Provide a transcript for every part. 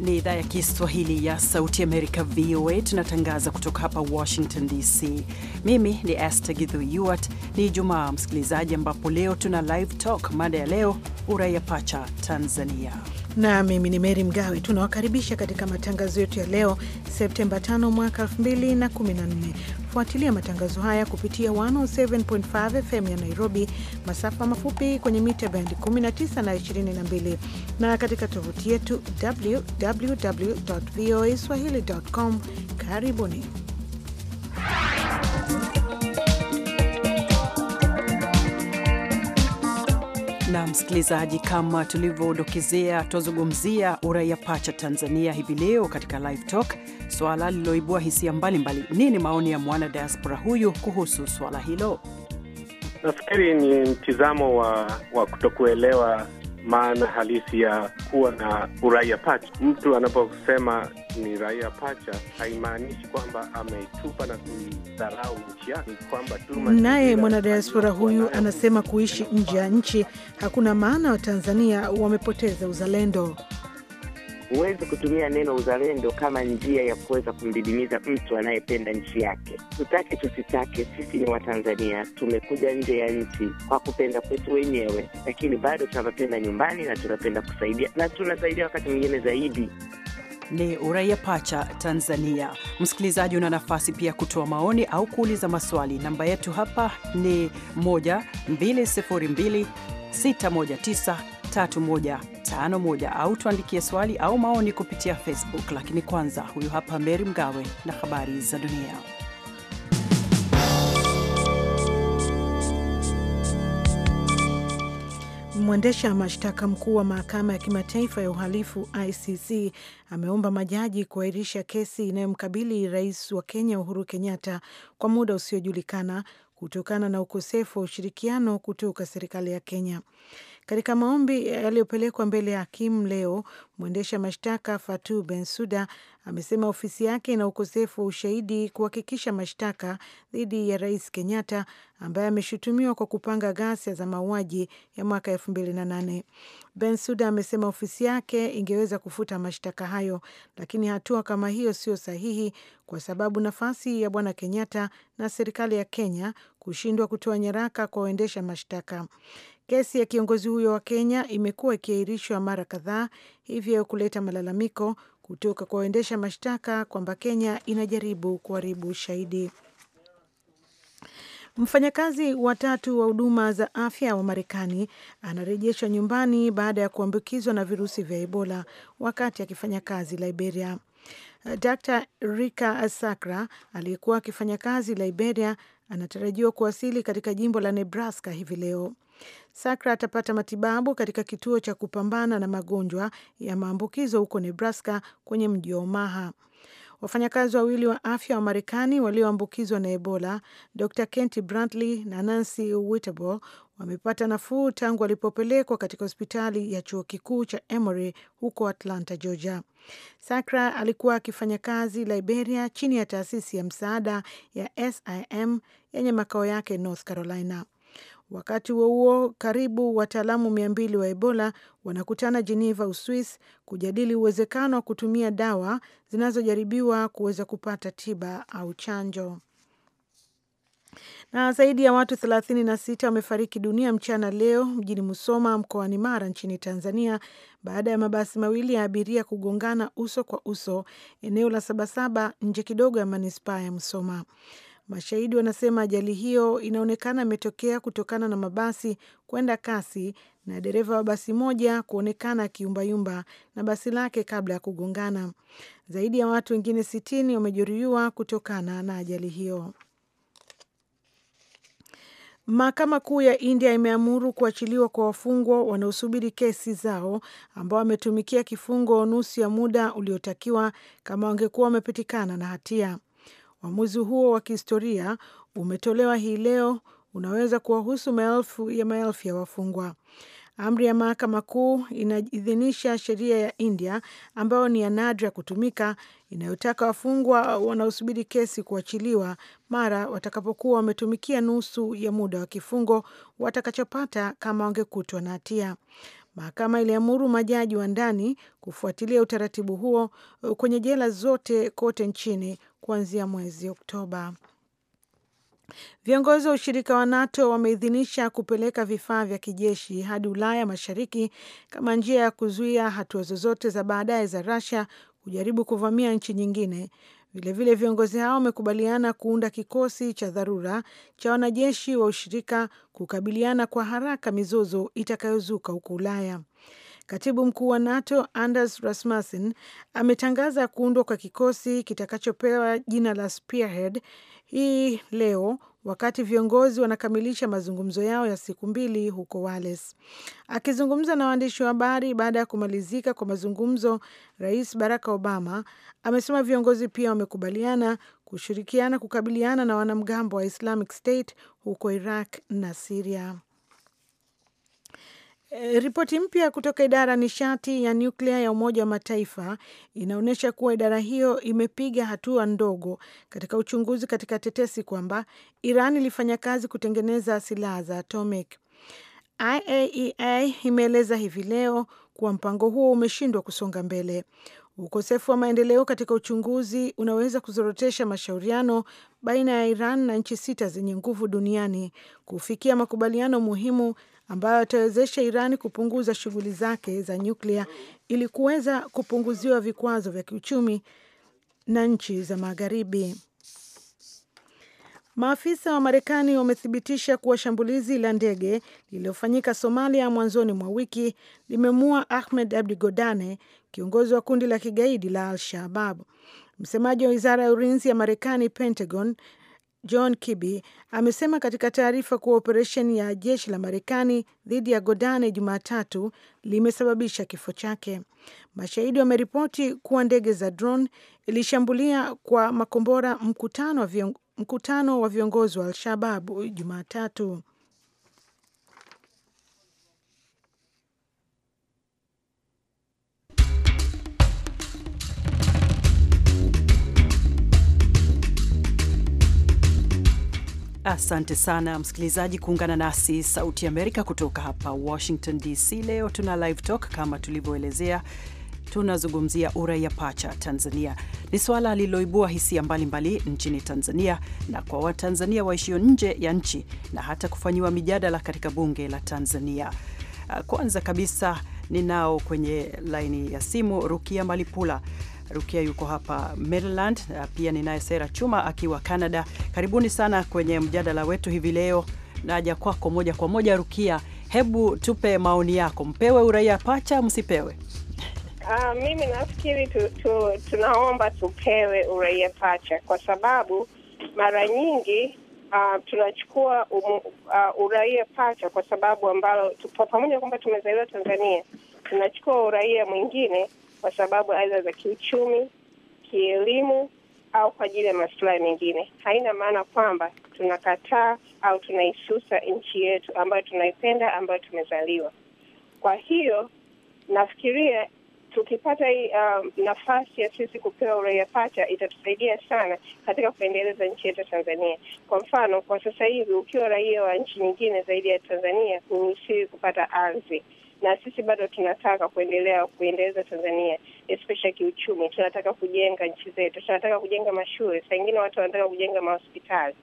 ni idhaa ya Kiswahili ya Sauti Amerika, VOA. Tunatangaza kutoka hapa Washington DC. Mimi ni Esther Githu Yuart. Ni Jumaa msikilizaji, ambapo leo tuna live talk. Mada ya leo, uraia pacha Tanzania na mimi ni Meri Mgawe. Tunawakaribisha katika matangazo yetu ya leo Septemba 5 mwaka 2014. Fuatilia matangazo haya kupitia 107.5 FM ya Nairobi, masafa mafupi kwenye mita bendi 19 na 22, na katika tovuti yetu www voa swahili.com. Karibuni. na msikilizaji, kama tulivyodokezea, twazungumzia uraia pacha Tanzania hivi leo katika Live Talk, swala lililoibua hisia mbalimbali. Nini maoni ya mwana diaspora huyu kuhusu swala hilo? Nafikiri ni mtizamo wa, wa kutokuelewa maana halisi ya kuwa na uraia pacha. Mtu anaposema ni raia pacha haimaanishi kwamba ametupa na kuidharau nchi yake, kwamba tu. Naye mwanadiaspora huyu anasema kuishi nje ya nchi hakuna maana Watanzania wamepoteza uzalendo huwezi kutumia neno uzalendo kama njia ya kuweza kumdidimiza mtu anayependa nchi yake. Tutake tusitake, sisi ni Watanzania, tumekuja nje ya nchi kwa kupenda kwetu wenyewe, lakini bado tunapenda nyumbani na tunapenda kusaidia na tunasaidia wakati mwingine zaidi. Ni Uraia Pacha Tanzania. Msikilizaji, una nafasi pia kutoa maoni au kuuliza maswali. Namba yetu hapa ni 619 3151 au tuandikie swali au maoni kupitia Facebook. Lakini kwanza, huyu hapa Meri Mgawe na habari za dunia. Mwendesha mashtaka mkuu wa mahakama ya kimataifa ya uhalifu ICC ameomba majaji kuahirisha kesi inayomkabili rais wa Kenya Uhuru Kenyatta kwa muda usiojulikana kutokana na ukosefu wa ushirikiano kutoka serikali ya Kenya. Katika maombi yaliyopelekwa mbele ya hakimu leo, mwendesha mashtaka Fatu Bensuda amesema ofisi yake ina ukosefu wa ushahidi kuhakikisha mashtaka dhidi ya Rais Kenyatta ambaye ameshutumiwa kwa kupanga ghasia za mauaji ya mwaka elfu mbili na nane. Bensuda amesema ofisi yake ingeweza kufuta mashtaka hayo, lakini hatua kama hiyo sio sahihi kwa sababu nafasi ya Bwana Kenyatta na serikali ya Kenya kushindwa kutoa nyaraka kwa waendesha mashtaka. Kesi ya kiongozi huyo wa Kenya imekuwa ikiahirishwa mara kadhaa, hivyo kuleta malalamiko kutoka kwa waendesha mashtaka kwamba Kenya inajaribu kuharibu ushahidi. Mfanyakazi watatu wa huduma za afya wa Marekani anarejeshwa nyumbani baada ya kuambukizwa na virusi vya Ebola wakati akifanya kazi Liberia. Dr Rika Sakra aliyekuwa akifanya kazi Liberia anatarajiwa kuwasili katika jimbo la Nebraska hivi leo. Sakra atapata matibabu katika kituo cha kupambana na magonjwa ya maambukizo huko Nebraska kwenye mji wa Omaha. Wafanyakazi wawili wa afya wa Marekani walioambukizwa na Ebola, Dr kenty Brantley na Nancy Wittebol, wamepata nafuu tangu walipopelekwa katika hospitali ya chuo kikuu cha Emory huko Atlanta, Georgia. Sakra alikuwa akifanya kazi Liberia chini ya taasisi ya msaada ya SIM yenye makao yake North Carolina. Wakati huo huo, karibu wataalamu mia mbili wa Ebola wanakutana Geneva, Uswis, kujadili uwezekano wa kutumia dawa zinazojaribiwa kuweza kupata tiba au chanjo. Na zaidi ya watu thelathini na sita wamefariki dunia mchana leo mjini Musoma mkoani Mara nchini Tanzania baada ya mabasi mawili ya abiria kugongana uso kwa uso eneo la Sabasaba nje kidogo ya manispaa ya Musoma. Mashahidi wanasema ajali hiyo inaonekana imetokea kutokana na mabasi kwenda kasi na dereva wa basi moja kuonekana akiumbayumba na basi lake kabla ya kugongana. Zaidi ya watu wengine sitini wamejeruhiwa kutokana na ajali hiyo. Mahakama Kuu ya India imeamuru kuachiliwa kwa wafungwa wanaosubiri kesi zao ambao wametumikia kifungo nusu ya muda uliotakiwa kama wangekuwa wamepitikana na hatia. Uamuzi huo wa kihistoria umetolewa hii leo, unaweza kuwahusu maelfu ya maelfu ya wafungwa. Amri ya mahakama kuu inaidhinisha sheria ya India ambayo ni ya nadra kutumika, inayotaka wafungwa wanaosubiri kesi kuachiliwa mara watakapokuwa wametumikia nusu ya muda wa kifungo watakachopata kama wangekutwa na hatia. Mahakama iliamuru majaji wa ndani kufuatilia utaratibu huo kwenye jela zote kote nchini kuanzia mwezi Oktoba. Viongozi wa ushirika wa NATO wameidhinisha kupeleka vifaa vya kijeshi hadi Ulaya Mashariki kama njia ya kuzuia hatua zozote za baadaye za Russia kujaribu kuvamia nchi nyingine. Vilevile, viongozi hao wamekubaliana kuunda kikosi cha dharura cha wanajeshi wa ushirika kukabiliana kwa haraka mizozo itakayozuka huko Ulaya. Katibu mkuu wa NATO Anders Rasmussen ametangaza kuundwa kwa kikosi kitakachopewa jina la Spearhead hii leo wakati viongozi wanakamilisha mazungumzo yao ya siku mbili huko Wales. Akizungumza na waandishi wa habari baada ya kumalizika kwa mazungumzo, Rais Barack Obama amesema viongozi pia wamekubaliana kushirikiana kukabiliana na wanamgambo wa Islamic State huko Iraq na Siria. Eh, ripoti mpya kutoka idara ya nishati ya nyuklia ya Umoja wa Mataifa inaonyesha kuwa idara hiyo imepiga hatua ndogo katika uchunguzi katika tetesi kwamba Iran ilifanya kazi kutengeneza silaha za atomic. IAEA e imeeleza hivi leo kuwa mpango huo umeshindwa kusonga mbele. Ukosefu wa maendeleo katika uchunguzi unaweza kuzorotesha mashauriano baina ya Iran na nchi sita zenye nguvu duniani kufikia makubaliano muhimu ambayo atawezesha Iran kupunguza shughuli zake za nyuklia ili kuweza kupunguziwa vikwazo vya kiuchumi na nchi za Magharibi. Maafisa wa Marekani wamethibitisha kuwa shambulizi la ndege lililofanyika Somalia mwanzoni mwa wiki limemua Ahmed Abdi Godane, kiongozi wa kundi la kigaidi la Al Shabab. Msemaji wa wizara ya ulinzi ya Marekani, Pentagon, John Kirby amesema katika taarifa kuwa operesheni ya jeshi la Marekani dhidi ya Godane Jumatatu limesababisha kifo chake. Mashahidi wameripoti kuwa ndege za drone ilishambulia kwa makombora mkutano wa viongozi wa Al-Shabaab Jumatatu. Asante sana msikilizaji kuungana nasi Sauti Amerika kutoka hapa Washington DC. Leo tuna live talk kama tulivyoelezea, tunazungumzia uraia pacha Tanzania. Ni suala lililoibua hisia mbalimbali nchini Tanzania na kwa Watanzania waishio nje ya nchi na hata kufanyiwa mijadala katika bunge la Tanzania. Kwanza kabisa ninao kwenye laini ya simu Rukia Malipula Rukia yuko hapa Maryland, pia ninaye Sera Chuma akiwa Canada. Karibuni sana kwenye mjadala wetu hivi leo. Naja kwako moja kwa moja, Rukia, hebu tupe maoni yako, mpewe uraia pacha, msipewe? Uh, mimi nafikiri tu, tu, tunaomba tupewe uraia pacha kwa sababu mara nyingi uh, tunachukua um, uh, uraia pacha kwa sababu ambalo pamoja kwamba tumezaliwa Tanzania tunachukua uraia mwingine kwa sababu aidha za kiuchumi, kielimu au kwa ajili ya masilahi mengine. Haina maana kwamba tunakataa au tunaisusa nchi yetu ambayo tunaipenda, ambayo tumezaliwa. Kwa hiyo nafikiria tukipata hii um, nafasi ya sisi kupewa uraia pacha itatusaidia sana katika kuendeleza nchi yetu ya Tanzania. Kwa mfano, kwa sasa hivi ukiwa raia wa nchi nyingine zaidi ya Tanzania huruhusiwi kupata ardhi na sisi bado tunataka kuendelea kuendeleza Tanzania especially kiuchumi. Tunataka kujenga nchi zetu, tunataka kujenga mashule, saa ingine watu wanataka kujenga mahospitali.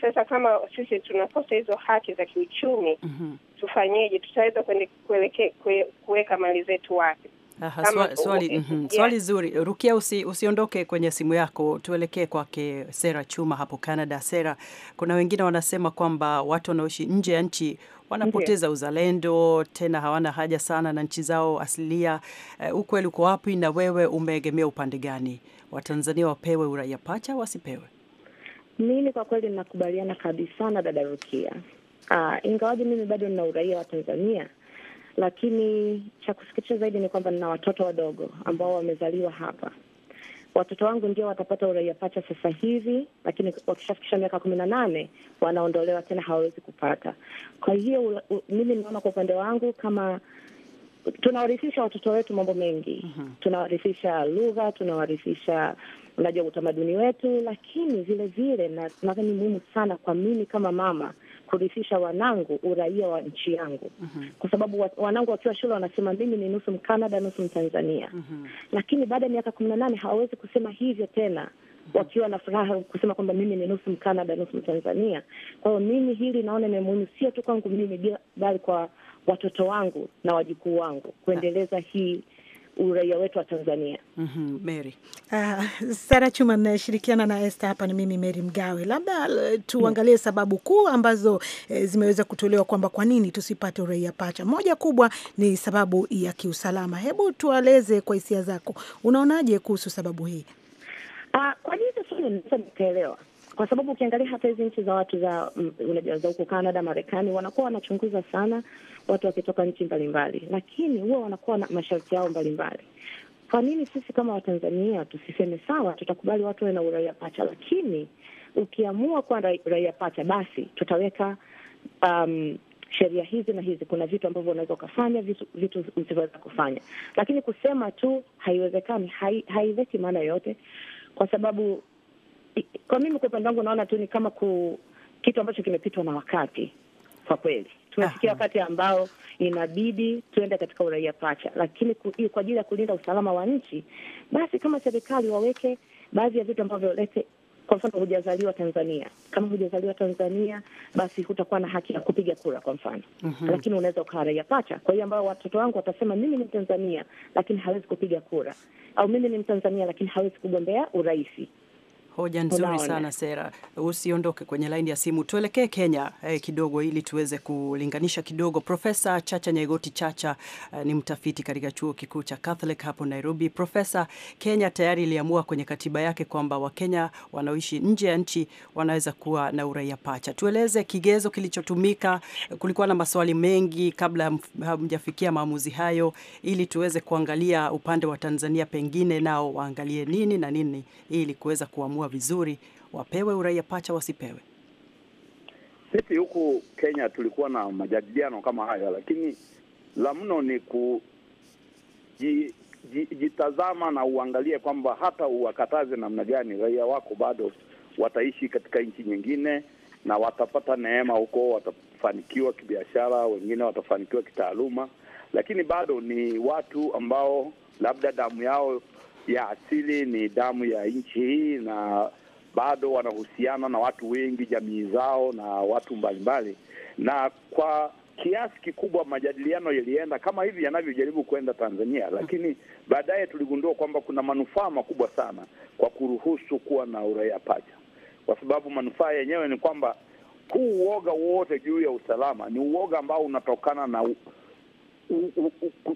Sasa kama sisi tunakosa hizo haki za kiuchumi mm -hmm. Tufanyeje? tutaweza kuelekea kuweka mali zetu wapi? Aha, swali, swali, mm -hmm. yeah. Swali zuri Rukia, usi, usiondoke kwenye simu yako, tuelekee kwake Sera Chuma hapo Canada. Sera, kuna wengine wanasema kwamba watu wanaoishi nje ya nchi wanapoteza uzalendo, tena hawana haja sana na nchi zao asilia. Uh, ukweli uko wapi na wewe umeegemea upande gani? Watanzania wapewe uraia pacha, wasipewe? Mimi kwa kweli nakubaliana kabisa na dada Rukia. Uh, ingawaje mimi bado nina uraia wa Tanzania, lakini cha kusikitisha zaidi ni kwamba nina watoto wadogo ambao wamezaliwa hapa watoto wangu ndio watapata uraia pacha sasa hivi, lakini wakishafikisha miaka kumi na nane wanaondolewa tena, hawawezi kupata. Kwa hiyo mimi naona kwa upande wangu kama tunawarithisha watoto wetu mambo mengi uh mhm. -huh. Tunawarithisha lugha, tunawarithisha unajua utamaduni wetu, lakini vilevile nadhani muhimu sana kwa mimi kama mama kurithisha wanangu uraia wa nchi yangu mm -hmm. kwa sababu wanangu wakiwa shule wanasema mimi ni nusu Mkanada nusu Mtanzania mm -hmm. lakini baada ya miaka kumi na nane hawawezi kusema hivyo tena mhm. wakiwa na furaha kusema kwamba mimi ni nusu Mkanada nusu Mtanzania. Kwa hiyo mimi hili naona ni muhimu, sio tu kwangu mimi, bali kwa watoto wangu na wajukuu wangu kuendeleza hii uraia wetu wa Tanzania. mm -hmm, Mary. Uh, ah, Sara Chuma nashirikiana na Esther hapa, ni mimi Mary Mgawe. Labda uh, tuangalie mm. sababu kuu ambazo e, zimeweza kutolewa kwamba kwa nini tusipate uraia pacha. Moja kubwa ni sababu ya kiusalama. Hebu tualeze kwa hisia zako, unaonaje kuhusu sababu hii? Uh, kwa nini sasa nikaelewa kwa sababu ukiangalia hata hizi nchi za watu za mm, unajua za huko Canada, Marekani, wanakuwa wanachunguza sana watu wakitoka nchi mbalimbali, lakini huwa wanakuwa na masharti yao mbalimbali. Kwa nini sisi kama Watanzania tusiseme sawa, tutakubali watu wawe na uraia pacha, lakini ukiamua kuwa raia pacha, basi tutaweka um, sheria hizi na hizi. Kuna vitu ambavyo unaweza ukafanya, vitu, vitu usivyoweza kufanya. Lakini kusema tu haiwezekani, haiweki maana yoyote, kwa sababu kwa mimi kwa upande wangu naona tu ni kama ku, kitu ambacho kimepitwa na wakati kwa kweli. Tumefikia ah, ah. wakati ambao inabidi tuende katika uraia pacha, lakini ku, kwa ajili ya kulinda usalama wa nchi, basi kama serikali waweke baadhi ya vitu ambavyo lete kwa mfano hujazaliwa Tanzania. Kama hujazaliwa Tanzania, basi hutakuwa na haki ya kupiga kura kwa mfano mm -hmm. Lakini unaweza ukawa raia pacha, kwa hiyo ambao watoto wangu watasema mimi ni Mtanzania lakini hawezi kupiga kura, au mimi ni Mtanzania lakini hawezi kugombea urais. Hoja nzuri sana Sera, usiondoke kwenye laini ya simu, tuelekee Kenya eh, kidogo ili tuweze kulinganisha kidogo. Profesa Chacha Nyaigoti Chacha eh, ni mtafiti katika chuo kikuu cha Catholic hapo Nairobi. Profesa, Kenya tayari iliamua kwenye katiba yake kwamba Wakenya wanaoishi nje ya nchi wanaweza kuwa na uraia pacha. Tueleze kigezo kilichotumika. Kulikuwa na maswali mengi kabla hamjafikia maamuzi hayo, ili tuweze kuangalia upande wa Tanzania, pengine nao waangalie nini na nini ili kuweza kuamua kuwa vizuri, wapewe uraia pacha, wasipewe? Sisi huku Kenya tulikuwa na majadiliano kama haya lakini la mno ni kujitazama na uangalie kwamba hata uwakataze namna gani, raia wako bado wataishi katika nchi nyingine na watapata neema huko, watafanikiwa kibiashara, wengine watafanikiwa kitaaluma, lakini bado ni watu ambao labda damu yao ya asili, ni damu ya nchi hii, na bado wanahusiana na watu wengi, jamii zao na watu mbalimbali, na kwa kiasi kikubwa majadiliano yalienda kama hivi yanavyojaribu kwenda Tanzania, lakini baadaye tuligundua kwamba kuna manufaa makubwa sana kwa kuruhusu kuwa na uraia pacha, kwa sababu manufaa yenyewe ni kwamba huu uoga wote juu ya usalama ni uoga ambao unatokana na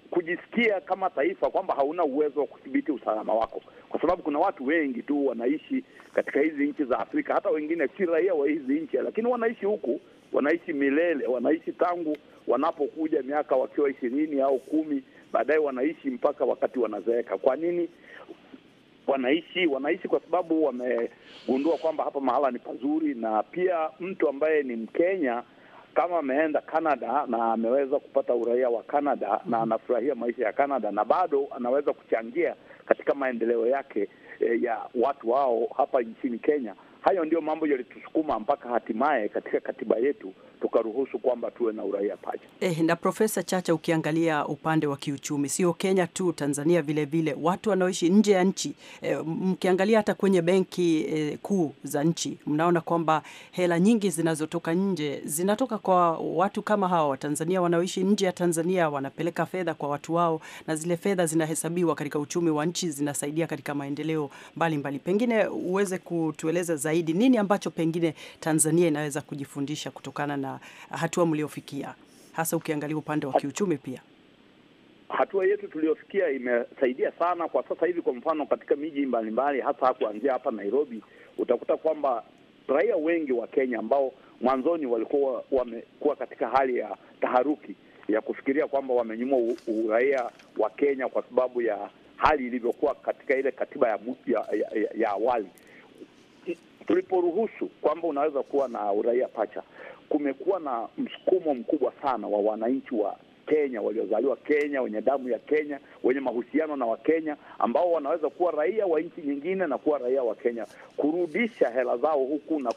kujisikia kama taifa kwamba hauna uwezo wa kudhibiti usalama wako, kwa sababu kuna watu wengi tu wanaishi katika hizi nchi za Afrika, hata wengine si raia wa hizi nchi, lakini wanaishi huku, wanaishi milele, wanaishi tangu wanapokuja miaka wakiwa ishirini au kumi, baadaye wanaishi mpaka wakati wanazeeka. Kwa nini wanaishi? Wanaishi kwa sababu wamegundua kwamba hapa mahala ni pazuri, na pia mtu ambaye ni Mkenya kama ameenda Canada na ameweza kupata uraia wa Canada na mm-hmm. anafurahia maisha ya Canada na bado anaweza kuchangia katika maendeleo yake e, ya watu wao hapa nchini Kenya. Hayo ndio mambo yalitusukuma mpaka hatimaye katika katiba yetu tukaruhusu kwamba tuwe na uraia pacha. Eh, na Profesa Chacha, ukiangalia upande wa kiuchumi, sio Kenya tu, Tanzania vile vile, watu wanaoishi nje ya nchi eh, mkiangalia hata kwenye benki eh, kuu za nchi, mnaona kwamba hela nyingi zinazotoka nje zinatoka kwa watu kama hawa Watanzania wanaoishi nje ya Tanzania, wanapeleka fedha kwa watu wao, na zile fedha zinahesabiwa katika uchumi wa nchi, zinasaidia katika maendeleo mbalimbali mbali. Pengine uweze kutueleza zaidi nini ambacho pengine Tanzania inaweza kujifundisha kutokana na hatua mliofikia, hasa ukiangalia upande wa kiuchumi pia? Hatua yetu tuliyofikia imesaidia sana kwa sasa hivi. Kwa mfano, katika miji mbalimbali, hasa kuanzia hapa Nairobi, utakuta kwamba raia wengi wa Kenya ambao mwanzoni walikuwa wamekuwa katika hali ya taharuki ya kufikiria kwamba wamenyimwa uraia wa Kenya kwa sababu ya hali ilivyokuwa katika ile katiba ya, ya, ya, ya awali, tuliporuhusu kwamba unaweza kuwa na uraia pacha, kumekuwa na msukumo mkubwa sana wa wananchi wa Kenya waliozaliwa Kenya, wenye damu ya Kenya, wenye mahusiano na Wakenya ambao wanaweza kuwa raia wa nchi nyingine na kuwa raia wa Kenya, kurudisha hela zao huku na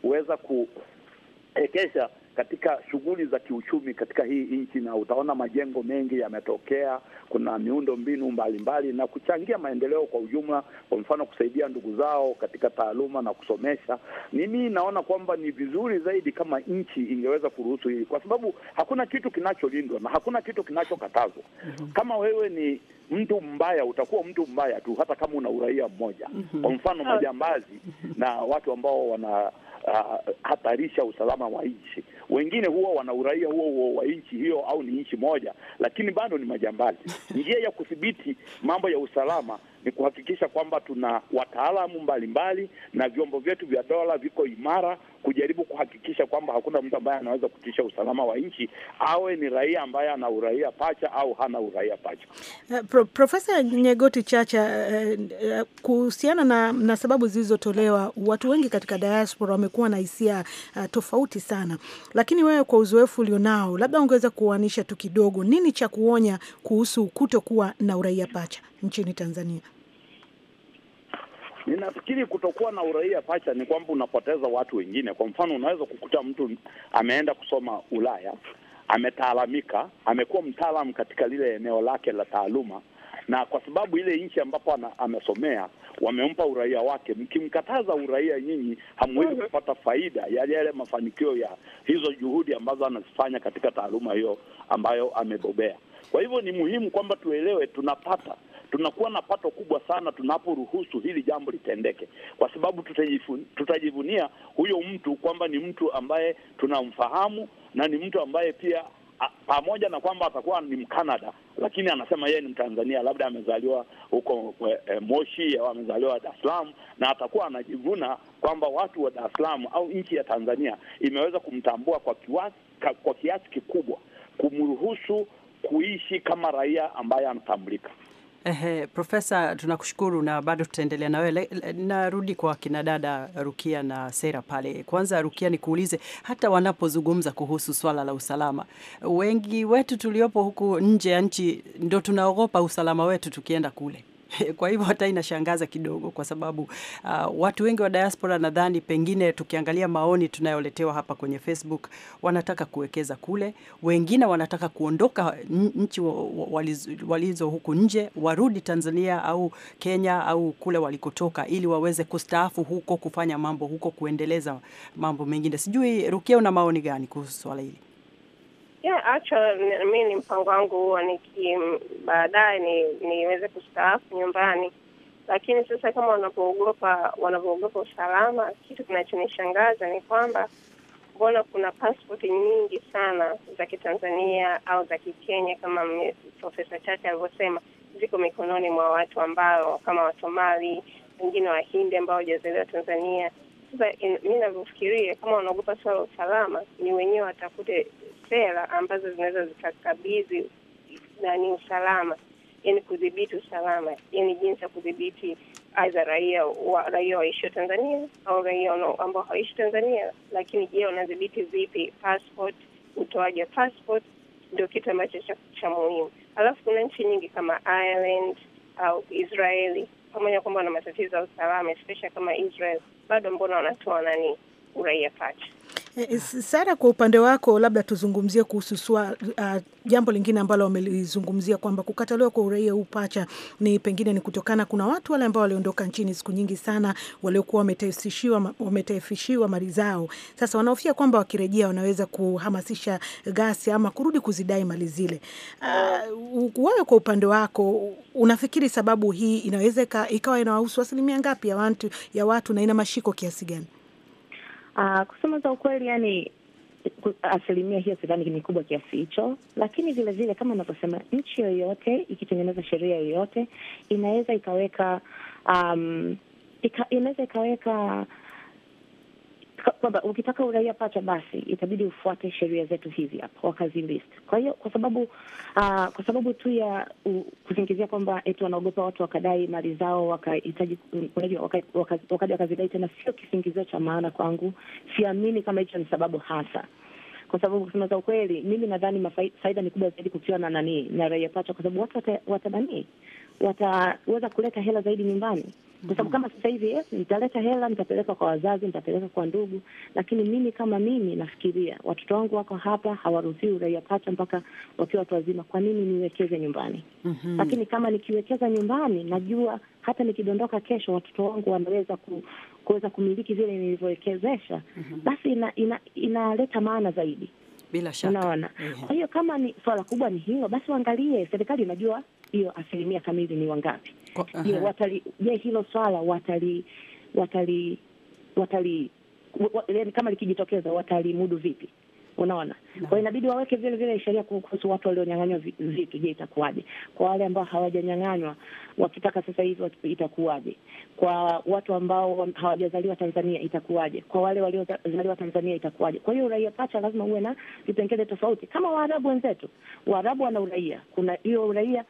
kuweza kuekesha katika shughuli za kiuchumi katika hii nchi, na utaona majengo mengi yametokea. Kuna miundo mbinu mbalimbali na kuchangia maendeleo kwa ujumla, kwa mfano kusaidia ndugu zao katika taaluma na kusomesha. Mimi naona kwamba ni vizuri zaidi kama nchi ingeweza kuruhusu hili, kwa sababu hakuna kitu kinacholindwa na hakuna kitu kinachokatazwa. Mhm. Kama wewe ni mtu mbaya utakuwa mtu mbaya tu, hata kama una uraia mmoja. Mhm. Kwa mfano ah. majambazi mhm. na watu ambao wana uh, hatarisha usalama wa nchi. Wengine huwa wana uraia huo huo wa nchi hiyo au ni nchi moja, lakini bado ni majambazi. Njia ya kudhibiti mambo ya usalama ni kuhakikisha kwamba tuna wataalamu mbalimbali na vyombo vyetu vya dola viko imara kujaribu kuhakikisha kwamba hakuna mtu ambaye anaweza kutisha usalama wa nchi, awe ni raia ambaye ana uraia pacha au hana uraia pacha. Uh, Profesa Nyegoti Chacha, uh, kuhusiana na, na sababu zilizotolewa, watu wengi katika diaspora wamekuwa na hisia uh, tofauti sana, lakini wewe kwa uzoefu ulionao, labda ungeweza kuanisha tu kidogo, nini cha kuonya kuhusu kutokuwa na uraia pacha nchini Tanzania? Ninafikiri kutokuwa na uraia pacha ni kwamba unapoteza watu wengine. Kwa mfano, unaweza kukuta mtu ameenda kusoma Ulaya, ametaalamika, amekuwa mtaalam katika lile eneo lake la taaluma, na kwa sababu ile nchi ambapo ana, amesomea wamempa uraia wake. Mkimkataza uraia, nyinyi hamwezi kupata faida ya yale mafanikio ya hizo juhudi ambazo anazifanya katika taaluma hiyo ambayo amebobea. Kwa hivyo ni muhimu kwamba tuelewe tunapata tunakuwa na pato kubwa sana tunaporuhusu hili jambo litendeke, kwa sababu tutajivunia huyo mtu kwamba ni mtu ambaye tunamfahamu na ni mtu ambaye pia a, pamoja na kwamba atakuwa ni Mkanada lakini anasema yeye ni Mtanzania, labda amezaliwa huko e, Moshi au amezaliwa Dar es Salaam, na atakuwa anajivuna kwamba watu wa Dar es Salaam au nchi ya Tanzania imeweza kumtambua kwa kiasi, kwa kiasi kikubwa kumruhusu kuishi kama raia ambaye anatambulika. Ehe, Profesa, tunakushukuru na bado tutaendelea na wewe. Narudi kwa kina dada Rukia na Sera pale. Kwanza Rukia, nikuulize, hata wanapozungumza kuhusu swala la usalama, wengi wetu tuliopo huku nje ya nchi ndo tunaogopa usalama wetu tukienda kule Kwa hivyo hata inashangaza kidogo, kwa sababu uh, watu wengi wa diaspora nadhani, pengine tukiangalia maoni tunayoletewa hapa kwenye Facebook, wanataka kuwekeza kule, wengine wanataka kuondoka nchi walizo, walizo huku nje warudi Tanzania au Kenya au kule walikotoka, ili waweze kustaafu huko, kufanya mambo huko, kuendeleza mambo mengine. Sijui Rukia, una maoni gani kuhusu swala hili? yeah, actual mi ni mpango wangu huwa niki baadaye ni niweze kustaafu nyumbani, lakini sasa kama wanapoogopa wanavyoogopa usalama, kitu kinachonishangaza ni kwamba mbona kuna paspoti nyingi sana za Kitanzania au za Kikenya kama Profesa chache alivyosema, ziko mikononi mwa watu ambao kama Wasomali, wengine Wahindi ambao wajazaliwa Tanzania sasa mi navyofikiria, kama wanaogopa swala usalama, ni wenyewe watafute sera ambazo zinaweza zikakabidhi nani usalama, yani kudhibiti usalama, yani jinsi ya kudhibiti aidha raia wa raia waishio Tanzania au raia ambao hawaishi Tanzania. Lakini je, wanadhibiti vipi passport, utoaji wa passport? Ndio kitu ambacho cha muhimu. Alafu kuna nchi nyingi kama Ireland au Israeli pamoja kwamba wana matatizo ya usalama especially kama Israel, bado mbona wanatoa nani uraia pacha Eh, eh, Sara, kwa upande wako labda tuzungumzie kuhusu swa uh, jambo lingine ambalo wamelizungumzia kwamba kukataliwa kwa uraia pacha ni pengine ni kutokana, kuna watu wale ambao waliondoka nchini siku nyingi sana waliokuwa wametaifishiwa mali zao. Sasa wanahofia kwamba wakirejea wanaweza kuhamasisha ghasia ama kurudi kuzidai mali zile. Uh, wewe kwa upande wako unafikiri sababu hii inaweza ikawa inawahusu asilimia ngapi ya watu, ya watu na ina mashiko kiasi gani? Uh, kusema za ukweli, yani asilimia hiyo sidhani ni kubwa kiasi hicho, lakini vile vile kama unavyosema, nchi yoyote ikitengeneza sheria yoyote inaweza ikaweka um, ika, inaweza ikaweka kwamba ukitaka uraia pacha basi itabidi ufuate sheria zetu hizi hapa, wakazi list. Kwa hiyo kwa sababu uh, kwa sababu tu ya uh, kusingizia kwamba eti wanaogopa watu wakadai mali zao wakahitaji wakaja wakazidai waka, tena, sio kisingizio cha maana kwangu. Siamini kama hicho ni sababu hasa kwa sababu kusema za ukweli, mimi nadhani faida ni kubwa zaidi kukiwa na nani na raia pacha, kwa sababu watu watanani wata wataweza kuleta hela zaidi nyumbani kwa sababu mm-hmm. kama sasa hivi nitaleta hela, nitapeleka kwa wazazi, nitapeleka kwa ndugu, lakini mimi kama mimi nafikiria watoto wangu wako hapa, hawaruhusiwi uraia pacha mpaka wakiwa watu wazima. Kwa nini niwekeze nyumbani? mm -hmm. Lakini kama nikiwekeza nyumbani, najua hata nikidondoka kesho, watoto wangu wanaweza ku, kuweza kumiliki vile nilivyowekezesha. mm -hmm. Basi inaleta ina, ina maana zaidi bila shaka, unaona. Kwa hiyo kama ni swala kubwa ni hilo, basi waangalie, serikali inajua hiyo asilimia kamili ni wangapi. Je, watali je hilo swala watali watali watali, watali kama likijitokeza watalimudu vipi? Unaona, kwa inabidi waweke vile vile sheria kuhusu watu walionyang'anywa vitu. Je, itakuwaje kwa wale ambao hawajanyang'anywa? Wakitaka sasa hivi itakuwaje? Kwa watu ambao hawajazaliwa Tanzania itakuwaje? Kwa wale waliozaliwa Tanzania itakuwaje? Kwa hiyo uraia pacha lazima uwe na vipengele tofauti, kama Waarabu wenzetu. Waarabu wana uraia, kuna hiyo uraia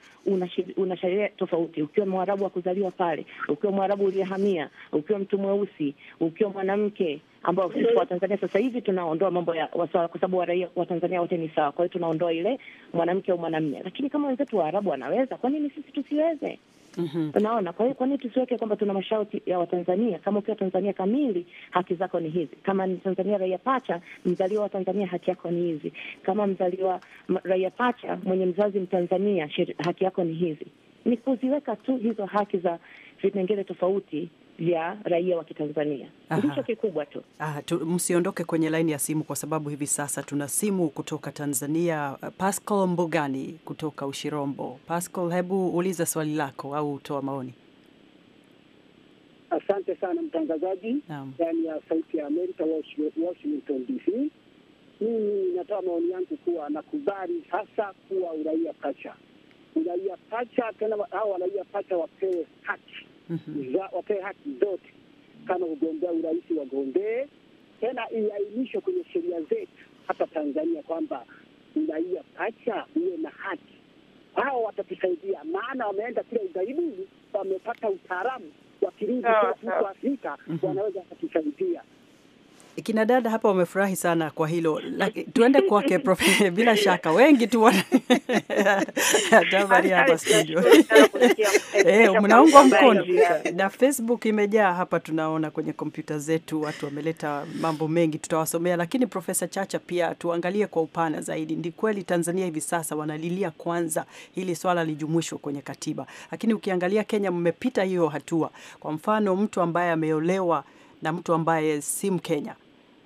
una sheria tofauti, ukiwa Mwarabu wa kuzaliwa pale, ukiwa Mwarabu uliyehamia, ukiwa mtu mweusi, ukiwa mwanamke ambao sisi Tanzania sasa hivi tunaondoa mambo ya wasawa, kwa sababu waraia Tanzania wote ni sawa. Kwa hiyo tunaondoa ile mwanamke au mwanamume, lakini kama wenzetu wa Arabu wanaweza, kwa nini sisi tusiweze? Mm-hmm. Unaona, kwa hiyo kwa nini tusiweke kwamba tuna masharti ya Watanzania? Kama ukiwa Tanzania kamili, haki zako ni hizi. Kama ni Tanzania raia pacha, mzaliwa wa Tanzania, haki yako ni hizi. Kama mzaliwa raia pacha mwenye mzazi Mtanzania, haki yako ni hizi. Ni kuziweka tu hizo haki za vipengele tofauti ya raia wa Kitanzania Ndicho kikubwa tu. Aha, tu, msiondoke kwenye laini ya simu kwa sababu hivi sasa tuna simu kutoka Tanzania. Pascal Mbugani kutoka Ushirombo. Pascal, hebu uliza swali lako au utoa maoni. Asante sana mtangazaji ndani ya Sauti ya Amerika, Washington DC. Mimi natoa maoni yangu kuwa nakubali hasa kuwa uraia pacha, uraia pacha tena, hao waraia pacha wapewe haki Mhm. za wapewe haki zote, kama ugombea urais wagombee, tena iainishwe kwenye sheria zetu hapa Tanzania kwamba uraia pacha uwe na haki. Hao watatusaidia, maana wameenda kule ughaibuni, wamepata utaalamu wa Kirundi kutoka Afrika, mhm. wanaweza wakatusaidia. Kina dada hapa wamefurahi sana kwa hilo. Tuende kwake Prof. Bila shaka wengi tu wana hapa studio. Eh, mnaungwa mkono na Facebook imejaa hapa, tunaona kwenye kompyuta zetu watu wameleta mambo mengi, tutawasomea. Lakini Profesa Chacha, pia tuangalie kwa upana zaidi. Ndi kweli Tanzania hivi sasa wanalilia kwanza hili swala lijumuishwe kwenye katiba, lakini ukiangalia Kenya mmepita hiyo hatua. Kwa mfano, mtu ambaye ameolewa na mtu ambaye si Mkenya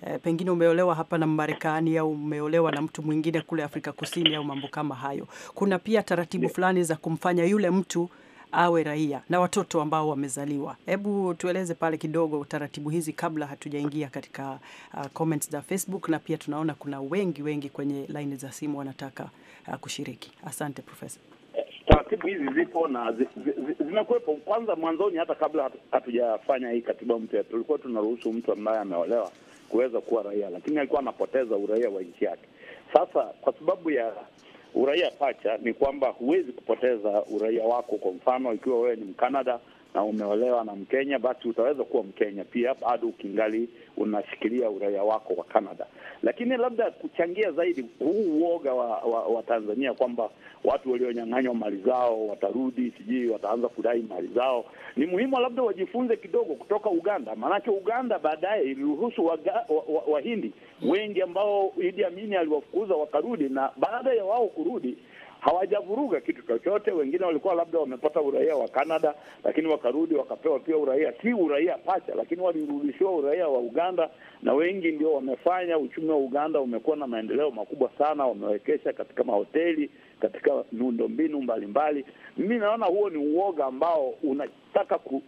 e, pengine umeolewa hapa na Marekani au umeolewa na mtu mwingine kule Afrika Kusini au mambo kama hayo. Kuna pia taratibu fulani za kumfanya yule mtu awe raia na watoto ambao wamezaliwa. Hebu tueleze pale kidogo taratibu hizi kabla hatujaingia katika uh, comments za Facebook, na pia tunaona kuna wengi wengi kwenye laini za simu wanataka uh, kushiriki. Asante Profesa. Taratibu hizi zipo na zi, zi, zi, kwanza mwanzoni, hata kabla hatujafanya hii katiba mpya, tulikuwa tunaruhusu mtu ambaye ameolewa kuweza kuwa raia, lakini alikuwa anapoteza uraia wa nchi yake. Sasa kwa sababu ya uraia pacha, ni kwamba huwezi kupoteza uraia wako. Kwa mfano, ikiwa wewe ni Mkanada na umeolewa na Mkenya, basi utaweza kuwa Mkenya pia bado ukingali unashikilia uraia wako wa Canada. Lakini labda kuchangia zaidi huu uoga wa, wa, wa Tanzania kwamba watu walionyang'anywa mali zao watarudi, sijui wataanza kudai mali zao, ni muhimu labda wajifunze kidogo kutoka Uganda, maanake Uganda baadaye iliruhusu Wahindi wa, wa, wa wengi ambao Idi Amini aliwafukuza wakarudi, na baada ya wao kurudi hawajavuruga kitu chochote. Wengine walikuwa labda wamepata uraia wa Canada, lakini wakarudi wakapewa pia uraia, si uraia pacha, lakini walirudishiwa uraia wa Uganda, na wengi ndio wamefanya uchumi wa Uganda umekuwa na maendeleo makubwa sana. Wamewekesha katika mahoteli, katika miundombinu mbalimbali. Mimi naona huo ni uoga ambao unataka ku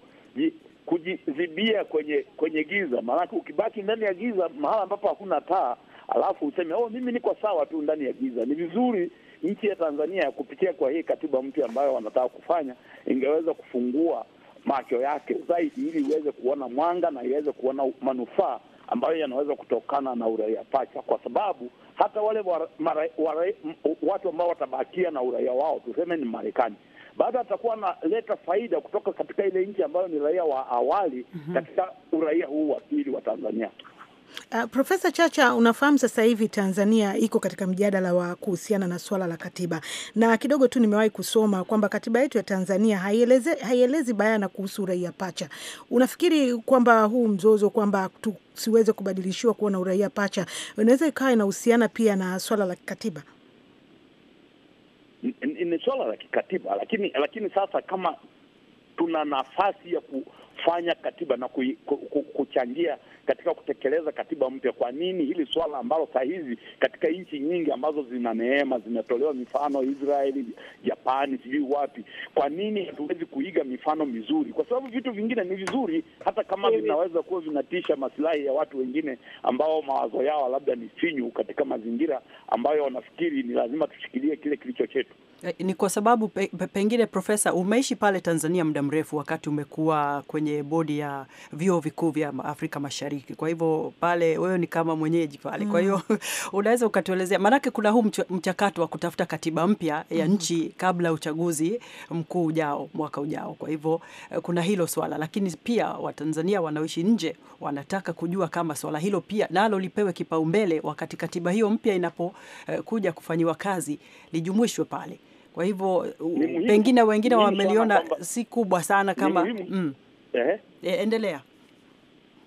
kujizibia kwenye kwenye giza, maanake ukibaki ndani ya giza, mahala ambapo hakuna taa alafu useme oh, mimi niko sawa tu ndani ya giza. Ni vizuri nchi ya Tanzania ya kupitia kwa hii katiba mpya ambayo wanataka kufanya ingeweza kufungua macho yake zaidi, ili iweze kuona mwanga na iweze kuona manufaa ambayo yanaweza kutokana na uraia pacha, kwa sababu hata wale wara, mara, wara, watu ambao watabakia na uraia wao tuseme ni Marekani baada atakuwa analeta faida kutoka katika ile nchi ambayo ni raia wa awali mm -hmm. katika uraia huu wa pili wa Tanzania. Uh, Profesa Chacha, unafahamu sasa hivi Tanzania iko katika mjadala wa kuhusiana na swala la katiba, na kidogo tu nimewahi kusoma kwamba katiba yetu ya Tanzania haieleze, haielezi bayana kuhusu uraia pacha. Unafikiri kwamba huu mzozo kwamba tusiweze kubadilishiwa kuwa na uraia pacha inaweza ikawa inahusiana pia na swala la kikatiba? Ni swala la kikatiba, lakini lakini sasa kama tuna nafasi ya ku, fanya katiba na kuchangia katika kutekeleza katiba mpya. Kwa nini hili swala ambalo saa hizi katika nchi nyingi ambazo zina neema zimetolewa mifano Israeli, Japani, sijui wapi, kwa nini hatuwezi kuiga mifano mizuri? Kwa sababu vitu vingine ni vizuri, hata kama vinaweza kuwa vinatisha masilahi ya watu wengine ambao mawazo yao labda ni finyu katika mazingira ambayo wanafikiri ni lazima tushikilie kile kilicho chetu. Eh, ni kwa sababu pe, pengine profesa, umeishi pale Tanzania muda mrefu, wakati umekuwa kwenye bodi ya vyuo vikuu vya Afrika Mashariki. Kwa hivyo pale wewe ni kama mwenyeji pale, kwa hiyo mm. unaweza ukatuelezea, maanake kuna huu mchakato wa kutafuta katiba mpya ya mm-hmm. nchi kabla uchaguzi mkuu ujao mwaka ujao. Kwa hivyo eh, kuna hilo swala, lakini pia Watanzania wanaoishi nje wanataka kujua kama swala hilo pia nalo na lipewe kipaumbele wakati katiba hiyo mpya inapokuja eh, kufanyiwa kazi, lijumuishwe pale. Kwa hivyo pengine wengine wameliona si kubwa sana kama mm. E, endelea.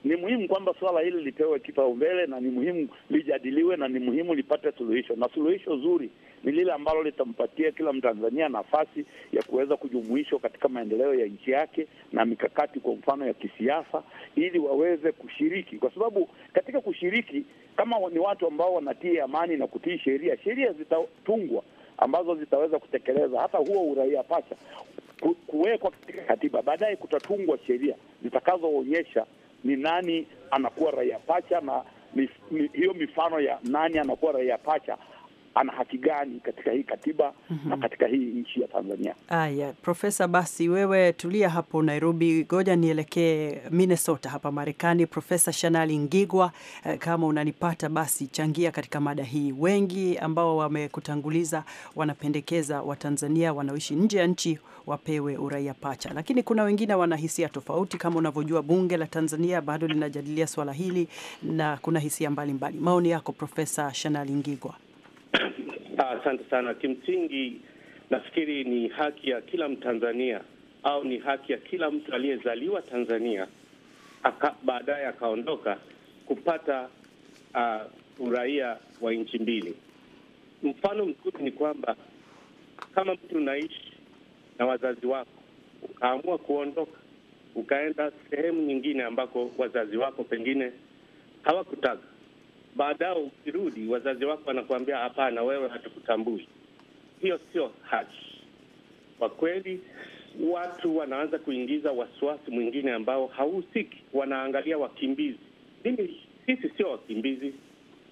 Ni muhimu kwamba suala hili lipewe kipaumbele na ni muhimu lijadiliwe na ni muhimu lipate suluhisho, na suluhisho zuri ni lile ambalo litampatia kila Mtanzania nafasi ya kuweza kujumuishwa katika maendeleo ya nchi yake na mikakati, kwa mfano ya kisiasa, ili waweze kushiriki, kwa sababu katika kushiriki, kama ni watu ambao wanatii amani na kutii sheria, sheria zitatungwa ambazo zitaweza kutekeleza hata huo uraia pacha kuwekwa katika katiba, baadaye kutatungwa sheria zitakazoonyesha ni nani anakuwa raia pacha na mif, mi, hiyo mifano ya nani anakuwa raia pacha ana haki gani katika hii katiba mm -hmm. na katika hii nchi ya Tanzania. yeah. Profesa, basi wewe tulia hapo Nairobi, goja nielekee Minnesota hapa Marekani. Profesa Shanali Ngigwa, eh, kama unanipata basi changia katika mada hii. Wengi ambao wamekutanguliza wanapendekeza Watanzania wanaoishi nje ya nchi wapewe uraia pacha, lakini kuna wengine wana hisia tofauti. Kama unavyojua, bunge la Tanzania bado linajadilia swala hili na kuna hisia mbalimbali. Maoni yako Profesa Shanali Ngigwa? Ah, asante sana. Kimsingi nafikiri ni haki ya kila Mtanzania au ni haki ya kila mtu aliyezaliwa Tanzania aka baadaye akaondoka kupata uh, uraia wa nchi mbili. Mfano mzuri ni kwamba kama mtu unaishi na wazazi wako ukaamua kuondoka ukaenda sehemu nyingine ambako wazazi wako pengine hawakutaka baadaye ukirudi wazazi wako wanakuambia hapana, wewe hatukutambui. Hiyo sio haki kwa kweli. Watu wanaanza kuingiza wasiwasi mwingine ambao hauhusiki, wanaangalia wakimbizi. Mimi sisi sio wakimbizi,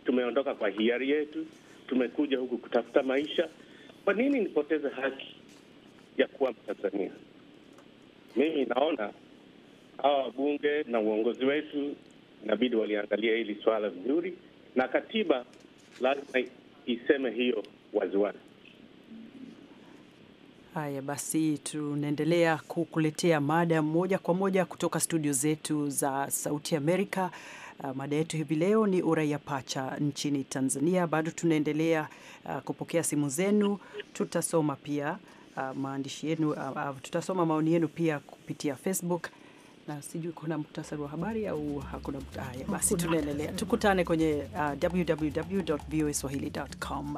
tumeondoka kwa hiari yetu, tumekuja huku kutafuta maisha. Kwa nini nipoteze haki ya kuwa Mtanzania? Mimi naona hawa wabunge na uongozi wetu inabidi waliangalia hili swala vizuri na katiba lazima iseme hiyo waziwazi. Haya basi, tunaendelea kukuletea mada moja kwa moja kutoka studio zetu za Sauti Amerika. Ah, mada yetu hivi leo ni uraia pacha nchini Tanzania. Bado tunaendelea ah, kupokea simu zenu, tutasoma pia ah, maandishi yenu tutasoma maoni yenu pia kupitia Facebook na sijui kuna muktasari wa habari au hakuna. Haya ah, basi, tunaendelea, tukutane kwenye uh, ah, www.voaswahili.com.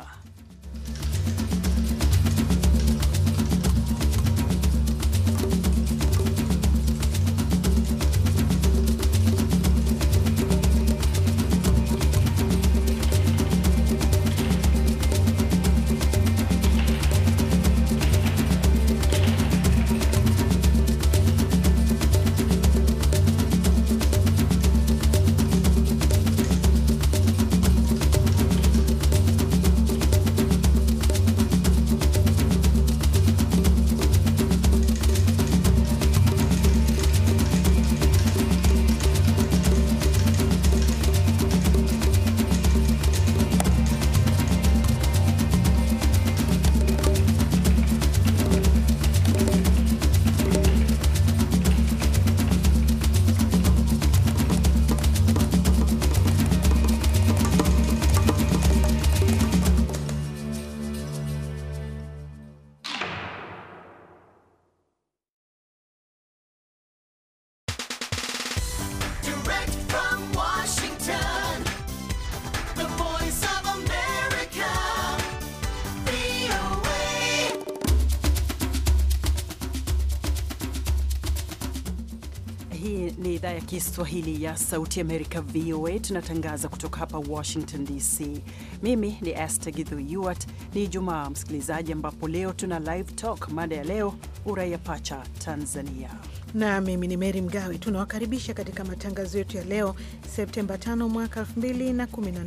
idhaa ya Kiswahili ya Sauti Amerika, VOA. Tunatangaza kutoka hapa Washington DC. Mimi ni Esther Yuart. Ni Jumaa msikilizaji, ambapo leo tuna live talk. Mada ya leo, uraia pacha Tanzania na mimi ni Meri Mgawe. Tunawakaribisha katika matangazo yetu ya leo Septemba 5 mwaka 2014.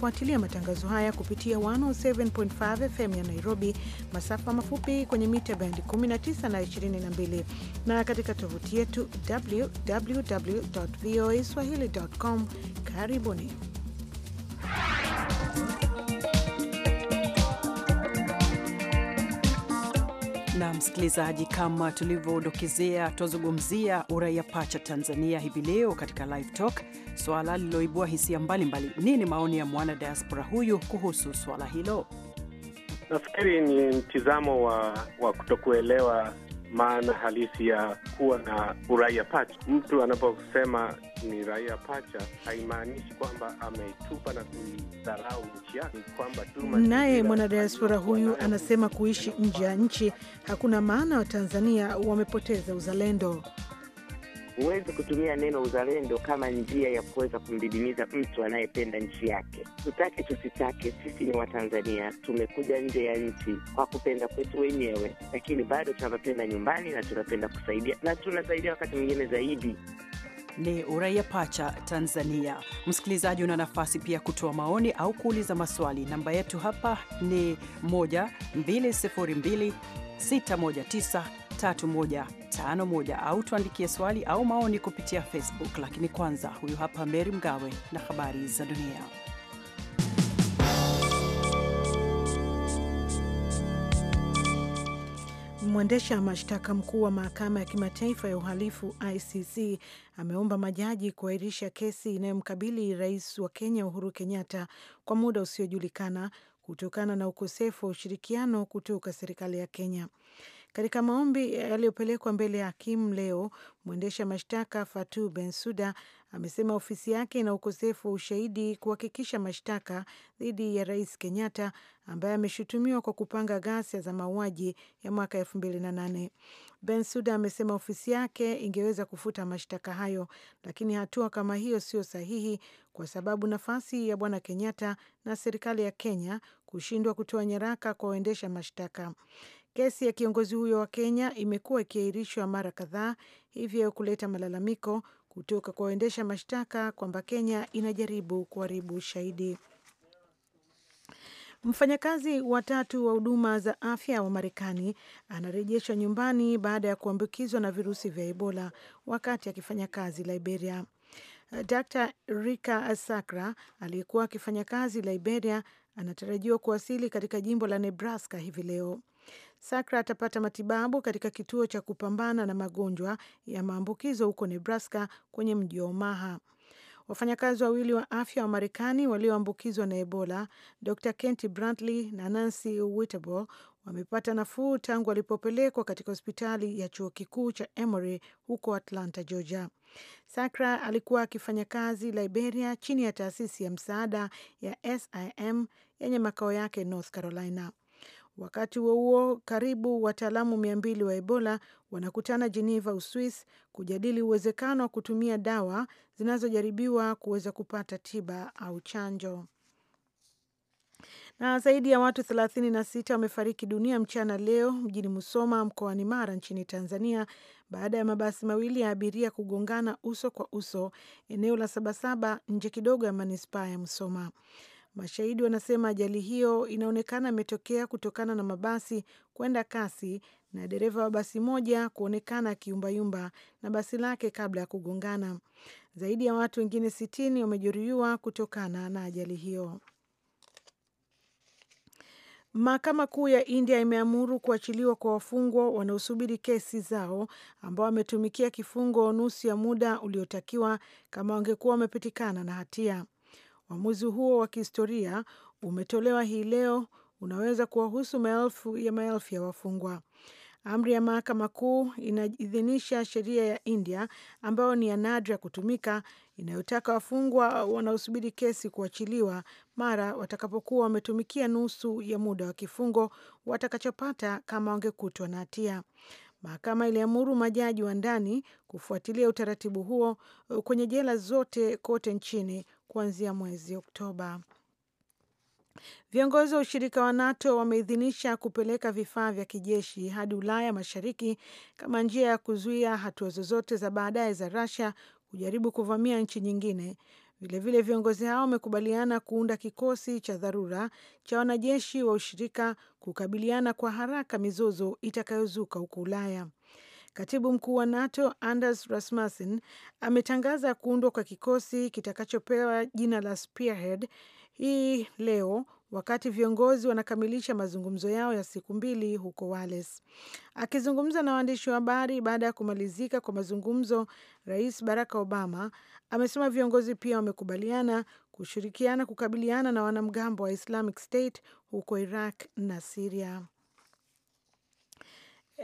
Fuatilia matangazo haya kupitia 107.5 FM ya Nairobi, masafa mafupi kwenye mita bendi 19 na 22, na katika tovuti yetu www voa swahili.com. Karibuni. na msikilizaji, kama tulivyodokezea, twazungumzia uraia pacha Tanzania hivi leo katika Live Talk, swala lililoibua hisia mbalimbali. Nini maoni ya mwana diaspora huyu kuhusu swala hilo? Nafikiri ni mtizamo wa, wa kutokuelewa maana halisi ya kuwa na uraia pacha. Mtu anaposema ni raia pacha haimaanishi kwamba ameitupa na kuidharau nchi yake, kwamba tu. Naye mwanadiaspora huyu anasema kuishi nje ya nchi hakuna maana Watanzania wamepoteza uzalendo huwezi kutumia neno uzalendo kama njia ya kuweza kumdidimiza mtu anayependa nchi yake. Tutake tusitake, sisi ni Watanzania, tumekuja nje ya nchi kwa kupenda kwetu wenyewe, lakini bado tunapenda nyumbani na tunapenda kusaidia na tunasaidia wakati mwingine zaidi. Ni Uraia Pacha Tanzania. Msikilizaji, una nafasi pia kutoa maoni au kuuliza maswali. Namba yetu hapa ni 1202619 13151 au tuandikie swali au maoni kupitia Facebook. Lakini kwanza, huyu hapa Meri Mgawe na habari za dunia. Mwendesha mashtaka mkuu wa mahakama ya kimataifa ya uhalifu ICC ameomba majaji kuahirisha kesi inayomkabili rais wa Kenya Uhuru Kenyatta kwa muda usiojulikana kutokana na ukosefu wa ushirikiano kutoka serikali ya Kenya. Katika maombi eh, yaliyopelekwa mbele ya hakimu leo, mwendesha mashtaka Fatu Bensuda amesema ofisi yake ina ukosefu wa ushahidi kuhakikisha mashtaka dhidi ya Rais Kenyatta ambaye ameshutumiwa kwa kupanga ghasia za mauaji ya mwaka elfu mbili na nane. Bensouda amesema ofisi yake ingeweza kufuta mashtaka hayo, lakini hatua kama hiyo sio sahihi kwa sababu nafasi ya Bwana Kenyatta na serikali ya Kenya kushindwa kutoa nyaraka kwa waendesha mashtaka. Kesi ya kiongozi huyo wa Kenya imekuwa ikiahirishwa mara kadhaa, hivyo kuleta malalamiko kutoka kwa waendesha mashtaka kwamba Kenya inajaribu kuharibu ushahidi. Mfanyakazi watatu wa huduma za afya wa Marekani anarejeshwa nyumbani baada ya kuambukizwa na virusi vya Ebola wakati akifanya kazi Liberia. Dr Rika Asakra aliyekuwa akifanya kazi Liberia anatarajiwa kuwasili katika jimbo la Nebraska hivi leo. Sakra atapata matibabu katika kituo cha kupambana na magonjwa ya maambukizo huko Nebraska kwenye mji wa Omaha. Wafanyakazi wawili wa afya wa Marekani walioambukizwa na Ebola, Dr kenty Brantley na Nancy Whitable, wamepata nafuu tangu walipopelekwa katika hospitali ya chuo kikuu cha Emory huko Atlanta, Georgia. Sakra alikuwa akifanya kazi Liberia chini ya taasisi ya msaada ya SIM yenye makao yake North Carolina. Wakati huo huo, karibu wataalamu mia mbili wa Ebola wanakutana Geneva, Uswis, kujadili uwezekano wa kutumia dawa zinazojaribiwa kuweza kupata tiba au chanjo. Na zaidi ya watu thelathini na sita wamefariki dunia mchana leo mjini Musoma mkoani Mara nchini Tanzania baada ya mabasi mawili ya abiria kugongana uso kwa uso eneo la Sabasaba nje kidogo ya manispaa ya Musoma. Mashahidi wanasema ajali hiyo inaonekana imetokea kutokana na mabasi kwenda kasi na dereva wa basi moja kuonekana akiyumbayumba na basi lake kabla ya kugongana. Zaidi ya watu wengine sitini wamejeruhiwa kutokana na ajali hiyo. Mahakama Kuu ya India imeamuru kuachiliwa kwa wafungwa wanaosubiri kesi zao ambao wametumikia kifungo nusu ya muda uliotakiwa kama wangekuwa wamepatikana na hatia. Uamuzi huo wa kihistoria umetolewa hii leo, unaweza kuwahusu maelfu ya maelfu ya wafungwa. Amri ya mahakama kuu inaidhinisha sheria ya India ambayo ni ya nadra kutumika, inayotaka wafungwa wanaosubiri kesi kuachiliwa mara watakapokuwa wametumikia nusu ya muda wa kifungo watakachopata kama wangekutwa na hatia. Mahakama iliamuru majaji wa ndani kufuatilia utaratibu huo kwenye jela zote kote nchini kuanzia mwezi Oktoba. Viongozi wa ushirika wa NATO wameidhinisha kupeleka vifaa vya kijeshi hadi Ulaya Mashariki kama njia ya kuzuia hatua zozote za baadaye za Russia kujaribu kuvamia nchi nyingine. Vilevile, viongozi hao wamekubaliana kuunda kikosi cha dharura cha wanajeshi wa ushirika kukabiliana kwa haraka mizozo itakayozuka huko Ulaya. Katibu mkuu wa NATO Anders Rasmussen ametangaza kuundwa kwa kikosi kitakachopewa jina la Spearhead hii leo wakati viongozi wanakamilisha mazungumzo yao ya siku mbili huko Wales. Akizungumza na waandishi wa habari baada ya kumalizika kwa mazungumzo, Rais Barack Obama amesema viongozi pia wamekubaliana kushirikiana kukabiliana na wanamgambo wa Islamic State huko Iraq na Siria.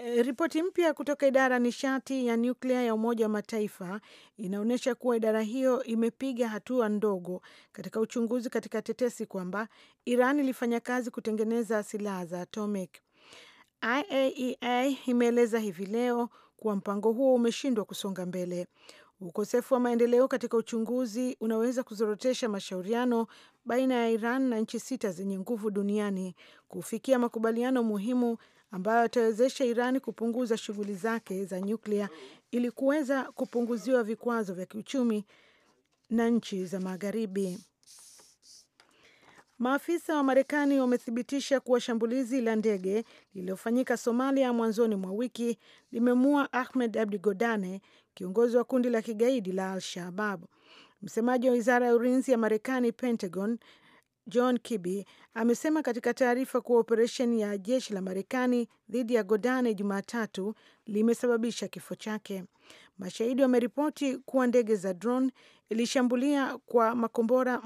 Eh, ripoti mpya kutoka idara ya nishati ya nyuklia ya Umoja wa Mataifa inaonyesha kuwa idara hiyo imepiga hatua ndogo katika uchunguzi katika tetesi kwamba Iran ilifanya kazi kutengeneza silaha za atomic. IAEA e imeeleza hivi leo kuwa mpango huo umeshindwa kusonga mbele. Ukosefu wa maendeleo katika uchunguzi unaweza kuzorotesha mashauriano baina ya Iran na nchi sita zenye nguvu duniani kufikia makubaliano muhimu ambayo yatawezesha Iran kupunguza shughuli zake za nyuklia ili kuweza kupunguziwa vikwazo vya kiuchumi na nchi za Magharibi. Maafisa wa Marekani wamethibitisha kuwa shambulizi la ndege lililofanyika Somalia mwanzoni mwa wiki limemua Ahmed Abdi Godane, kiongozi wa kundi la kigaidi la Al Shabab. Msemaji wa wizara ya ulinzi ya Marekani, Pentagon, John Kirby amesema katika taarifa kuwa operesheni ya jeshi la Marekani dhidi ya Godane Jumatatu limesababisha kifo chake. Mashahidi wameripoti kuwa ndege za drone ilishambulia kwa makombora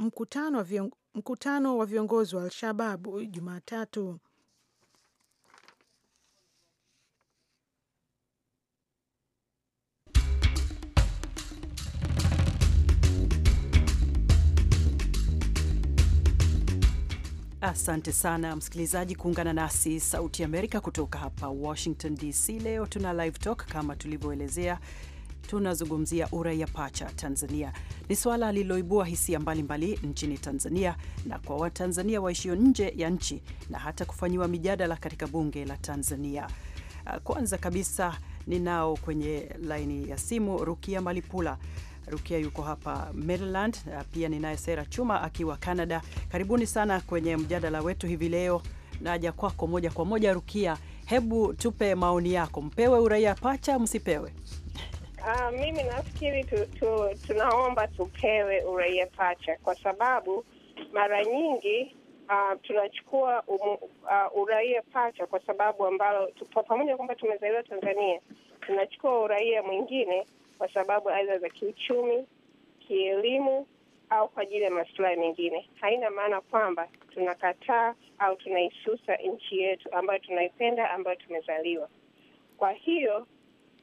mkutano wa viongozi wa Al-Shababu Jumatatu. Asante sana msikilizaji kuungana nasi Sauti Amerika kutoka hapa Washington DC. Leo tuna live talk kama tulivyoelezea, tunazungumzia uraia pacha Tanzania. Ni suala lililoibua hisia mbalimbali nchini Tanzania na kwa Watanzania waishio nje ya nchi na hata kufanyiwa mijadala katika bunge la Tanzania. Kwanza kabisa ninao kwenye laini ya simu Rukia Malipula Rukia yuko hapa Maryland, pia ninaye Sera Chuma akiwa Canada. Karibuni sana kwenye mjadala wetu hivi leo. Naja kwako moja kwa moja, Rukia, hebu tupe maoni yako, mpewe uraia pacha msipewe? Uh, mimi nafikiri tu, tu, tunaomba tupewe uraia pacha kwa sababu mara nyingi uh, tunachukua um, uh, uraia pacha kwa sababu ambalo pamoja kwamba tumezaliwa Tanzania tunachukua uraia mwingine kwa sababu aidha za kiuchumi, kielimu au kwa ajili ya masilahi mengine. Haina maana kwamba tunakataa au tunaisusa nchi yetu ambayo tunaipenda, ambayo tumezaliwa. Kwa hiyo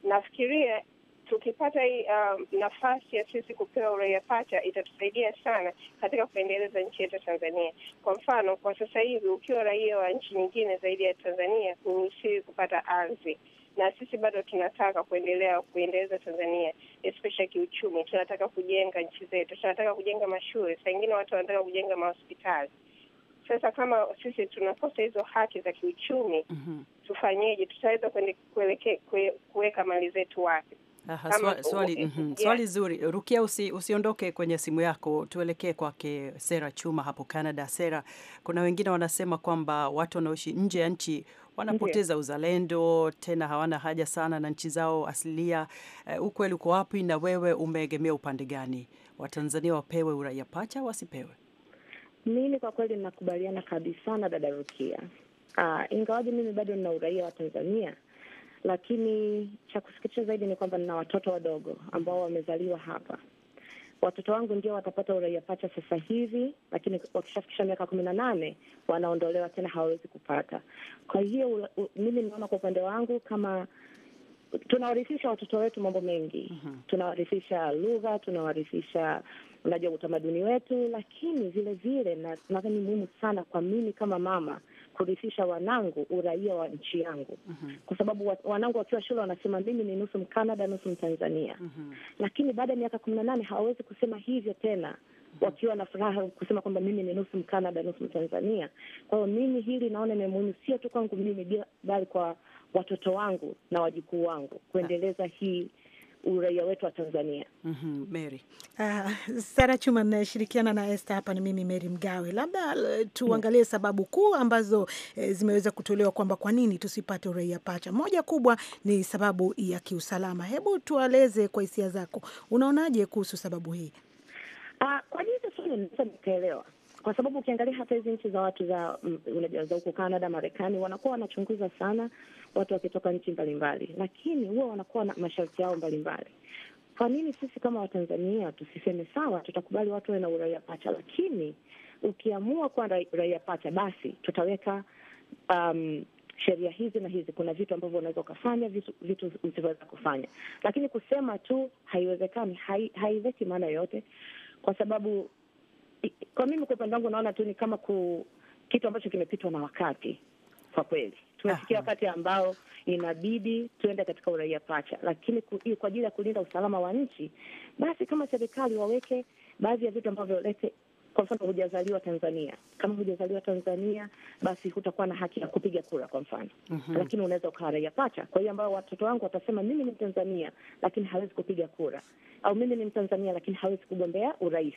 nafikiria tukipata hii uh, nafasi ya sisi kupewa uraia pacha itatusaidia sana katika kuendeleza nchi yetu ya Tanzania. Kwa mfano, kwa sasa hivi ukiwa raia wa nchi nyingine zaidi ya Tanzania huruhusiwi kupata ardhi na sisi bado tunataka kuendelea kuendeleza Tanzania especially kiuchumi. Tunataka kujenga nchi zetu, tunataka kujenga mashule, saa ingine watu wanataka kujenga mahospitali. Sasa kama sisi tunakosa hizo haki za kiuchumi mm -hmm. tufanyeje? tutaweza kuweka mali zetu wapi? Aha, swali, swali, mm -hmm. yeah. Swali zuri Rukia, usi, usiondoke kwenye simu yako, tuelekee kwake Sera Chuma hapo Canada. Sera, kuna wengine wanasema kwamba watu wanaoishi nje ya nchi wanapoteza uzalendo, tena hawana haja sana na nchi zao asilia. Eh, ukweli uko wapi? Na wewe umeegemea upande gani? Watanzania wapewe uraia pacha, wasipewe? Mimi kwa kweli nakubaliana kabisa na dada Rukia. Uh, ingawaje mimi bado nina uraia wa Tanzania, lakini cha kusikitisha zaidi ni kwamba nina watoto wadogo ambao wamezaliwa hapa watoto wangu ndio watapata uraia pacha sasa hivi, lakini wakishafikisha miaka kumi na nane wanaondolewa tena, hawawezi kupata. Kwa hiyo mimi naona kwa upande wangu kama tunawarithisha watoto wetu mambo mengi uh mhm. -huh. Tunawarithisha lugha, tunawarithisha unajua utamaduni wetu, lakini vilevile nadhani muhimu sana kwa mimi kama mama kurithisha wanangu uraia wa nchi yangu mm -hmm. kwa sababu wanangu wakiwa shule wanasema mimi ni nusu Mkanada nusu Mtanzania mm -hmm. lakini baada ya miaka kumi na nane hawawezi kusema hivyo tena mhm. wakiwa na furaha kusema kwamba mimi ni nusu Mkanada nusu Mtanzania. Kwa hiyo mimi hili naona ni muhimu, sio tu kwangu mimi, bali kwa watoto wangu na wajukuu wangu kuendeleza hii uraia wetu wa Tanzania. mm -hmm, Mary. Uh, ah, Sara Chuma nashirikiana na Esther hapa, ni mimi Mary Mgawe. Labda uh, tuangalie sababu kuu ambazo e, zimeweza kutolewa kwamba kwa nini tusipate uraia pacha. Moja kubwa ni sababu ya kiusalama. Hebu tualeze kwa hisia zako, unaonaje kuhusu sababu hii? Uh, kwa nini sasa nikaelewa kwa sababu ukiangalia hata hizi nchi za watu za mm, unajua za huko Canada, Marekani, wanakuwa wanachunguza sana watu wakitoka nchi mbalimbali, lakini huwa wanakuwa na masharti yao mbalimbali. Kwa nini sisi kama Watanzania tusiseme sawa, tutakubali watu wawe na uraia pacha, lakini ukiamua kuwa raia pacha, basi tutaweka um, sheria hizi na hizi. Kuna vitu ambavyo unaweza ukafanya, vitu, vitu usivyoweza kufanya, lakini kusema tu haiwezekani haiweki hai maana yoyote, kwa sababu kwa mimi kwa upande wangu naona tu ni kama ku, kitu ambacho kimepitwa na wakati kwa kweli. Tumefikia wakati ambao inabidi tuende katika uraia pacha, lakini ku, kwa ajili ya kulinda usalama wa nchi, basi kama serikali waweke baadhi ya vitu ambavyo lete kwa mfano hujazaliwa Tanzania. Kama hujazaliwa Tanzania, basi hutakuwa na haki ya kupiga kura kwa mfano mm -hmm. Lakini unaweza ukawa raia pacha. Kwa hiyo ambao watoto wangu watasema mimi ni Mtanzania lakini hawezi kupiga kura, au mimi ni Mtanzania lakini hawezi kugombea urais,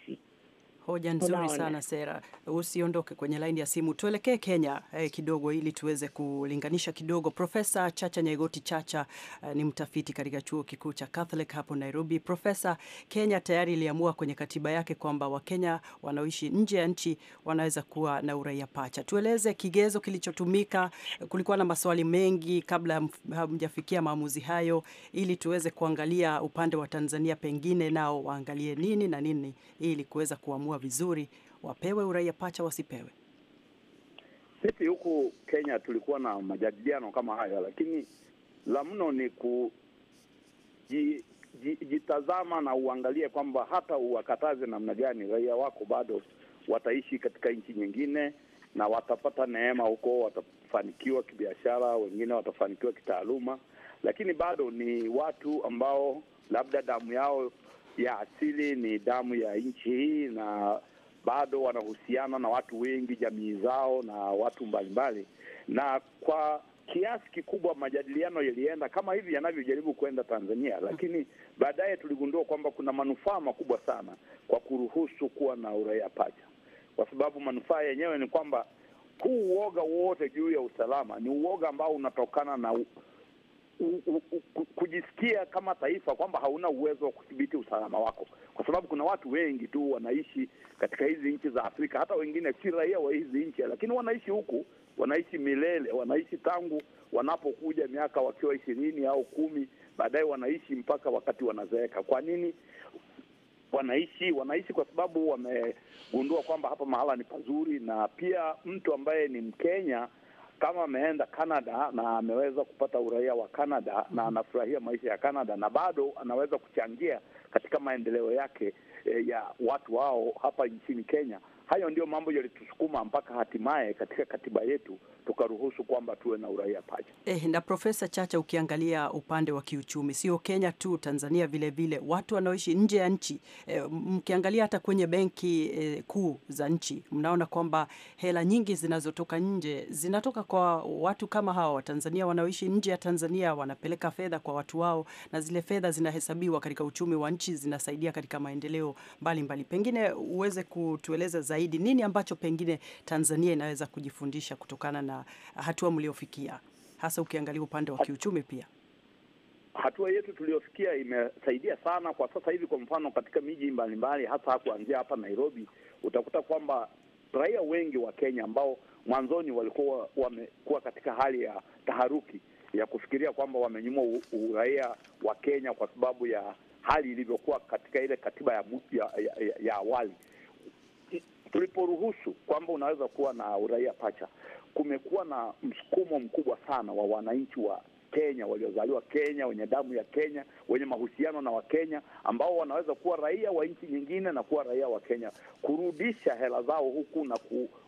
Hoja nzuri sana Sera, usiondoke kwenye laini ya simu, tuelekee Kenya eh, kidogo ili tuweze kulinganisha kidogo. Profesa Chacha Nyaigoti Chacha eh, ni mtafiti katika chuo kikuu cha Catholic hapo Nairobi. Profesa, Kenya tayari iliamua kwenye katiba yake kwamba Wakenya wanaoishi nje ya nchi wanaweza kuwa na uraia pacha. Tueleze kigezo kilichotumika. Kulikuwa na maswali mengi kabla hamjafikia maamuzi hayo, ili tuweze kuangalia upande wa Tanzania, pengine nao waangalie nini na nini ili kuweza kuamua kuwa vizuri, wapewe uraia pacha, wasipewe? Sisi huku Kenya tulikuwa na majadiliano kama haya lakini la mno ni kujitazama na uangalie kwamba hata uwakataze namna gani, raia wako bado wataishi katika nchi nyingine na watapata neema huko, watafanikiwa kibiashara, wengine watafanikiwa kitaaluma, lakini bado ni watu ambao labda damu yao ya asili ni damu ya nchi hii, na bado wanahusiana na watu wengi, jamii zao na watu mbalimbali, na kwa kiasi kikubwa majadiliano yalienda kama hivi yanavyojaribu kwenda Tanzania, lakini baadaye tuligundua kwamba kuna manufaa makubwa sana kwa kuruhusu kuwa na uraia pacha, kwa sababu manufaa yenyewe ni kwamba huu uoga wote juu ya usalama ni uoga ambao unatokana na kujisikia kama taifa kwamba hauna uwezo wa kudhibiti usalama wako, kwa sababu kuna watu wengi tu wanaishi katika hizi nchi za Afrika, hata wengine si raia wa hizi nchi, lakini wanaishi huku, wanaishi milele, wanaishi tangu wanapokuja miaka wakiwa ishirini au kumi, baadaye wanaishi mpaka wakati wanazeeka. Kwa nini wanaishi? Wanaishi kwa sababu wamegundua kwamba hapa mahala ni pazuri, na pia mtu ambaye ni Mkenya kama ameenda Canada na ameweza kupata uraia wa Canada na mm-hmm. anafurahia maisha ya Canada na bado anaweza kuchangia katika maendeleo yake eh, ya watu wao hapa nchini Kenya, Hayo ndiyo mambo yalitusukuma mpaka hatimaye katika katiba yetu tukaruhusu kwamba tuwe na uraia pacha. Eh, na Profesa Chacha, ukiangalia upande wa kiuchumi, sio Kenya tu, Tanzania vilevile vile. Watu wanaoishi nje ya nchi eh, mkiangalia hata kwenye benki eh, kuu za nchi mnaona kwamba hela nyingi zinazotoka nje zinatoka kwa watu kama hawa Watanzania wanaoishi nje ya Tanzania, wanapeleka fedha kwa watu wao, na zile fedha zinahesabiwa katika uchumi wa nchi, zinasaidia katika maendeleo mbalimbali mbali. Pengine uweze kutueleza zaidi zaidi, nini ambacho pengine Tanzania inaweza kujifundisha kutokana na hatua mliofikia, hasa ukiangalia upande wa kiuchumi pia? Hatua yetu tuliyofikia imesaidia sana kwa sasa hivi. Kwa mfano, katika miji mbalimbali, hasa kuanzia hapa Nairobi, utakuta kwamba raia wengi wa Kenya ambao mwanzoni walikuwa wamekuwa katika hali ya taharuki ya kufikiria kwamba wamenyimwa uraia wa Kenya kwa sababu ya hali ilivyokuwa katika ile katiba ya, ya, ya, ya awali, Tuliporuhusu kwamba unaweza kuwa na uraia pacha, kumekuwa na msukumo mkubwa sana wa wananchi wa Kenya waliozaliwa Kenya, wenye damu ya Kenya, wenye mahusiano na Wakenya ambao wanaweza kuwa raia wa nchi nyingine na kuwa raia wa Kenya, kurudisha hela zao huku na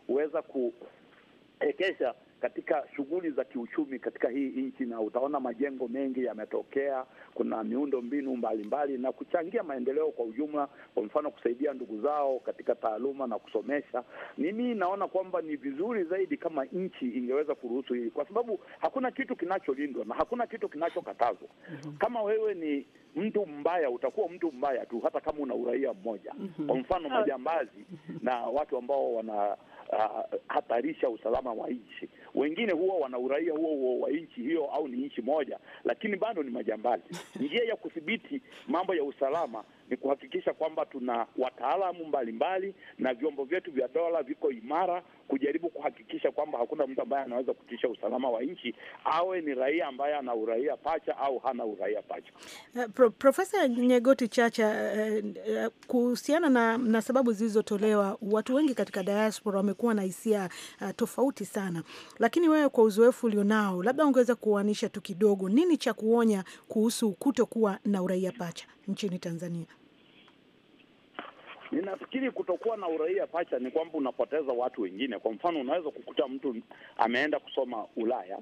kuweza kuekesha katika shughuli za kiuchumi katika hii nchi, na utaona majengo mengi yametokea, kuna miundo mbinu mbalimbali mbali, na kuchangia maendeleo kwa ujumla, kwa mfano kusaidia ndugu zao katika taaluma na kusomesha. Mimi naona kwamba ni vizuri zaidi kama nchi ingeweza kuruhusu hili, kwa sababu hakuna kitu kinacholindwa na hakuna kitu kinachokatazwa. Mm-hmm. Kama wewe ni mtu mbaya utakuwa mtu mbaya tu, hata kama una uraia mmoja. Mm-hmm. Kwa mfano majambazi mm-hmm. na watu ambao wana uh, hatarisha usalama wa nchi. Wengine huwa wana uraia huo huo wa nchi hiyo au ni nchi moja, lakini bado ni majambazi. Njia ya kudhibiti mambo ya usalama ni kuhakikisha kwamba tuna wataalamu mbalimbali na vyombo vyetu vya dola viko imara kujaribu kuhakikisha kwamba hakuna mtu ambaye anaweza kutisha usalama wa nchi, awe ni raia ambaye ana uraia pacha au hana uraia pacha. Uh, Pro, Profesa Nyegoti Chacha, uh, uh, kuhusiana na, na sababu zilizotolewa, watu wengi katika diaspora wamekuwa na hisia uh, tofauti sana, lakini wewe kwa uzoefu ulionao, labda ungeweza kuanisha tu kidogo, nini cha kuonya kuhusu kutokuwa na uraia pacha nchini Tanzania? Ninafikiri kutokuwa na uraia pacha ni kwamba unapoteza watu wengine. Kwa mfano, unaweza kukuta mtu ameenda kusoma Ulaya,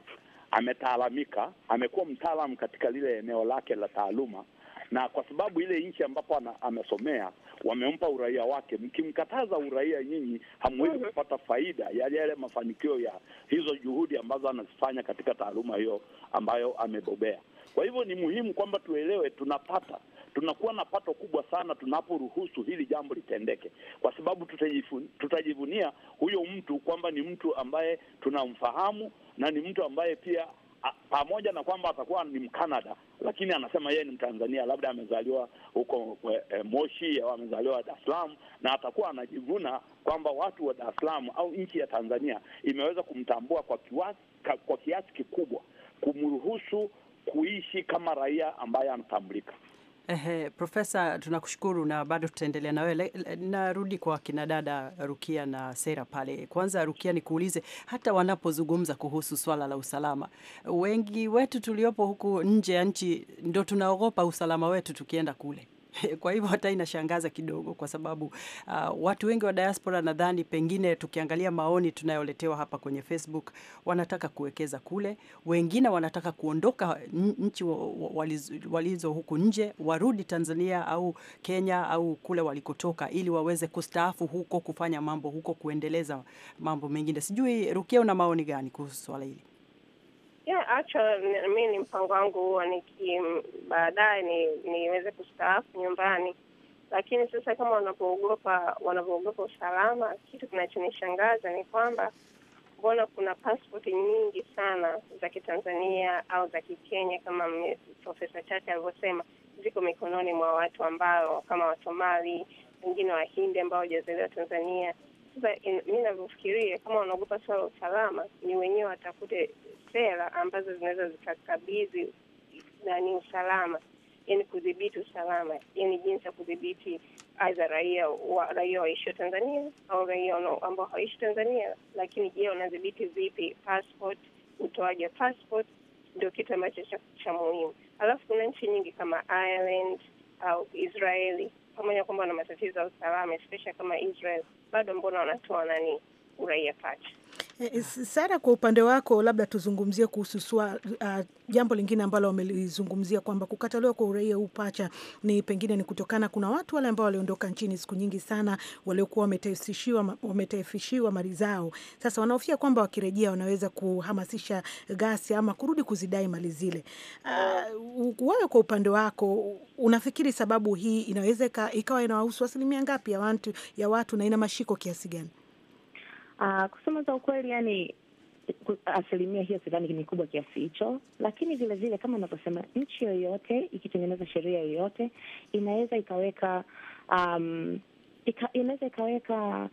ametaalamika, amekuwa mtaalam katika lile eneo lake la taaluma, na kwa sababu ile nchi ambapo ana, amesomea wamempa uraia wake. Mkimkataza uraia, nyinyi hamwezi mhm. kupata faida ya yale mafanikio ya hizo juhudi ambazo anazifanya katika taaluma hiyo ambayo amebobea. Kwa hivyo ni muhimu kwamba tuelewe tunapata tunakuwa na pato kubwa sana tunaporuhusu hili jambo litendeke, kwa sababu tutajivunia huyo mtu kwamba ni mtu ambaye tunamfahamu na ni mtu ambaye pia pamoja na kwamba atakuwa ni Mkanada lakini anasema yeye ni Mtanzania, labda amezaliwa huko e, Moshi au amezaliwa Dar es Salaam, na atakuwa anajivuna kwamba watu wa Dar es Salaam au nchi ya Tanzania imeweza kumtambua kwa kiasi, kwa kiasi kikubwa kumruhusu kuishi kama raia ambaye anatambulika. Ehe, Profesa, tunakushukuru na bado tutaendelea na wewe. Narudi kwa kina dada Rukia na Sera pale. Kwanza Rukia, nikuulize, hata wanapozungumza kuhusu swala la usalama, wengi wetu tuliopo huku nje ya nchi ndo tunaogopa usalama wetu tukienda kule Kwa hivyo hata inashangaza kidogo, kwa sababu uh, watu wengi wa diaspora nadhani, pengine tukiangalia maoni tunayoletewa hapa kwenye Facebook, wanataka kuwekeza kule, wengine wanataka kuondoka nchi walizo, walizo huku nje warudi Tanzania au Kenya au kule walikotoka, ili waweze kustaafu huko, kufanya mambo huko, kuendeleza mambo mengine. Sijui Rukia, una maoni gani kuhusu swala hili? Yeah, actually mi ni mpango wangu huwa niki baadaye ni, niweze kustaafu nyumbani, lakini sasa kama wanapoogopa wanavyoogopa usalama, kitu kinachonishangaza ni kwamba mbona kuna paspoti nyingi sana za Kitanzania au za Kikenya kama Profesa Chacha alivyosema, ziko mikononi mwa watu ambao kama Wasomali, wengine Wahindi ambao wajazaliwa Tanzania sasa eh, mi navyofikiria, kama wanaogopa swala la usalama, ni wenyewe watafute sera ambazo zinaweza zikakabidhi nani usalama, yani kudhibiti usalama, yani jinsi ya kudhibiti aidha raia wa raia waishio Tanzania au raia ambao hawaishi Tanzania. Lakini je, wanadhibiti vipi passport, utoaji wa passport? Ndio kitu ambacho cha muhimu. Alafu kuna nchi nyingi kama Ireland au Israeli pamoja kwamba wana matatizo ya usalama especially kama Israel, bado mbona wanatoa nani uraia pacha Eh, eh, Sara, kwa upande wako labda tuzungumzie kuhusu swa, uh, jambo lingine ambalo wamelizungumzia kwamba kukataliwa kwa uraia pacha ni pengine ni kutokana, kuna watu wale ambao waliondoka nchini siku nyingi sana waliokuwa wametaifishiwa wametaifishiwa mali zao. Sasa wanahofia kwamba wakirejea wanaweza kuhamasisha gasi ama kurudi kuzidai mali zile. Uh, wewe kwa upande wako unafikiri sababu hii inaweza ikawa inawahusu asilimia ngapi ya watu, ya watu na ina mashiko kiasi gani? Uh, kusema za ukweli, yani asilimia hiyo sidhani ni kubwa kiasi hicho, lakini vile vile kama unavyosema, nchi yoyote ikitengeneza sheria yoyote inaweza ikaweka um, ika, inaweza ikaweka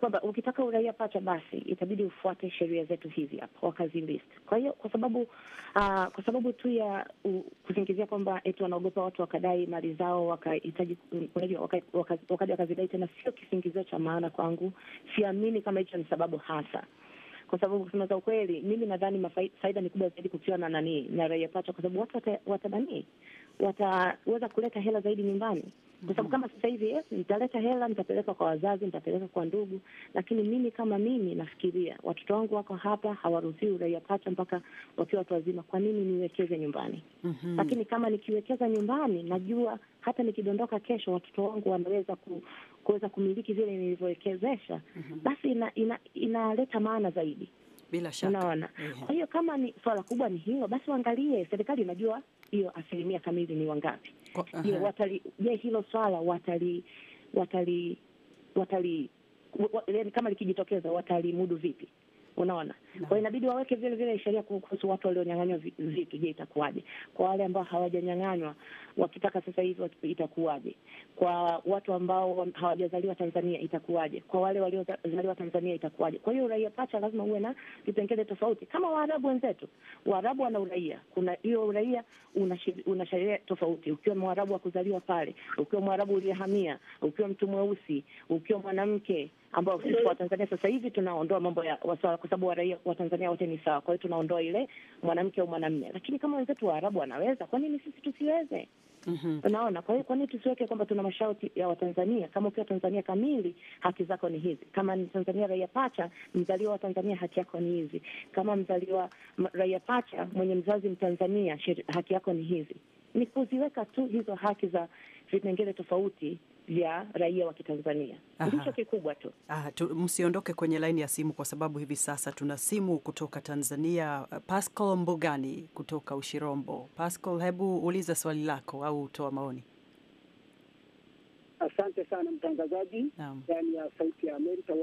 kwamba ukitaka uraia pacha basi itabidi ufuate sheria zetu hizi hapa, wakazi list. Kwa hiyo kwa sababu uh, kwa sababu tu ya kuzingizia kusingizia kwamba eti wanaogopa watu wakadai mali zao wakahitaji unajua, wakaja wakazidai tena, sio kisingizio cha maana kwangu. Siamini kama hicho ni sababu hasa kwa sababu kusema za ukweli, mimi nadhani faida ni kubwa zaidi kukiwa na nani na raia pacha, kwa sababu watu watananii wataweza kuleta hela zaidi nyumbani kwa sababu mm-hmm. kama sasa hivi yes, eh, nitaleta hela, nitapeleka kwa wazazi, nitapeleka kwa ndugu, lakini mimi kama mimi nafikiria watoto wangu wako hapa, hawaruhusiwi uraia pacha mpaka wakiwa watu wazima. Kwa nini niwekeze nyumbani? mm -hmm. Lakini kama nikiwekeza nyumbani, najua hata nikidondoka kesho, watoto wangu wanaweza ku, kuweza kumiliki vile nilivyowekezesha. mm -hmm. Basi inaleta ina, ina maana zaidi bila shaka, unaona. Kwa hiyo kama ni swala kubwa ni hilo, basi waangalie, serikali inajua hiyo asilimia kamili ni wangapi. Je, watali je hilo swala watali watali watali, watali kama likijitokeza watalimudu vipi? Unaona, kwa inabidi waweke vile vile sheria kuhusu watu walionyang'anywa vitu. Je, itakuwaje kwa wale ambao hawajanyang'anywa? Wakitaka sasa hivi itakuwaje? Kwa watu ambao hawajazaliwa Tanzania itakuwaje? Kwa wale waliozaliwa Tanzania itakuwaje? Kwa hiyo uraia pacha lazima uwe na vipengele tofauti, kama Waarabu wenzetu. Waarabu wana uraia, kuna hiyo uraia una sheria tofauti, ukiwa Mwarabu wa kuzaliwa pale, ukiwa Mwarabu uliyehamia, ukiwa mtu mweusi, ukiwa mwanamke ambao sisi Tanzania sasa hivi tunaondoa mambo ya wasawa, kwa sababu raia wa Tanzania wote ni sawa. Kwa hiyo tunaondoa ile mwanamke au mwanamume, lakini kama wenzetu wa Arabu wanaweza, kwa nini sisi tusiweze? Mm-hmm. Unaona, kwa hiyo kwa nini tusiweke kwamba tuna masharti ya Watanzania? Kama ukiwa Tanzania kamili, haki zako ni hizi. Kama ni Tanzania raia pacha, mzaliwa wa Tanzania, haki yako ni hizi. Kama mzaliwa raia pacha mwenye mzazi Mtanzania, haki yako ni hizi. Ni kuziweka tu hizo haki za vipengele tofauti ya raia wa Kitanzania ndicho kikubwa tu. Aha, tu. Msiondoke kwenye laini ya simu kwa sababu hivi sasa tuna simu kutoka Tanzania. Uh, Pascal Mbugani kutoka Ushirombo. Pascal, hebu uliza swali lako au utoa maoni. Asante sana mtangazaji ndani ya Sauti ya Amerika,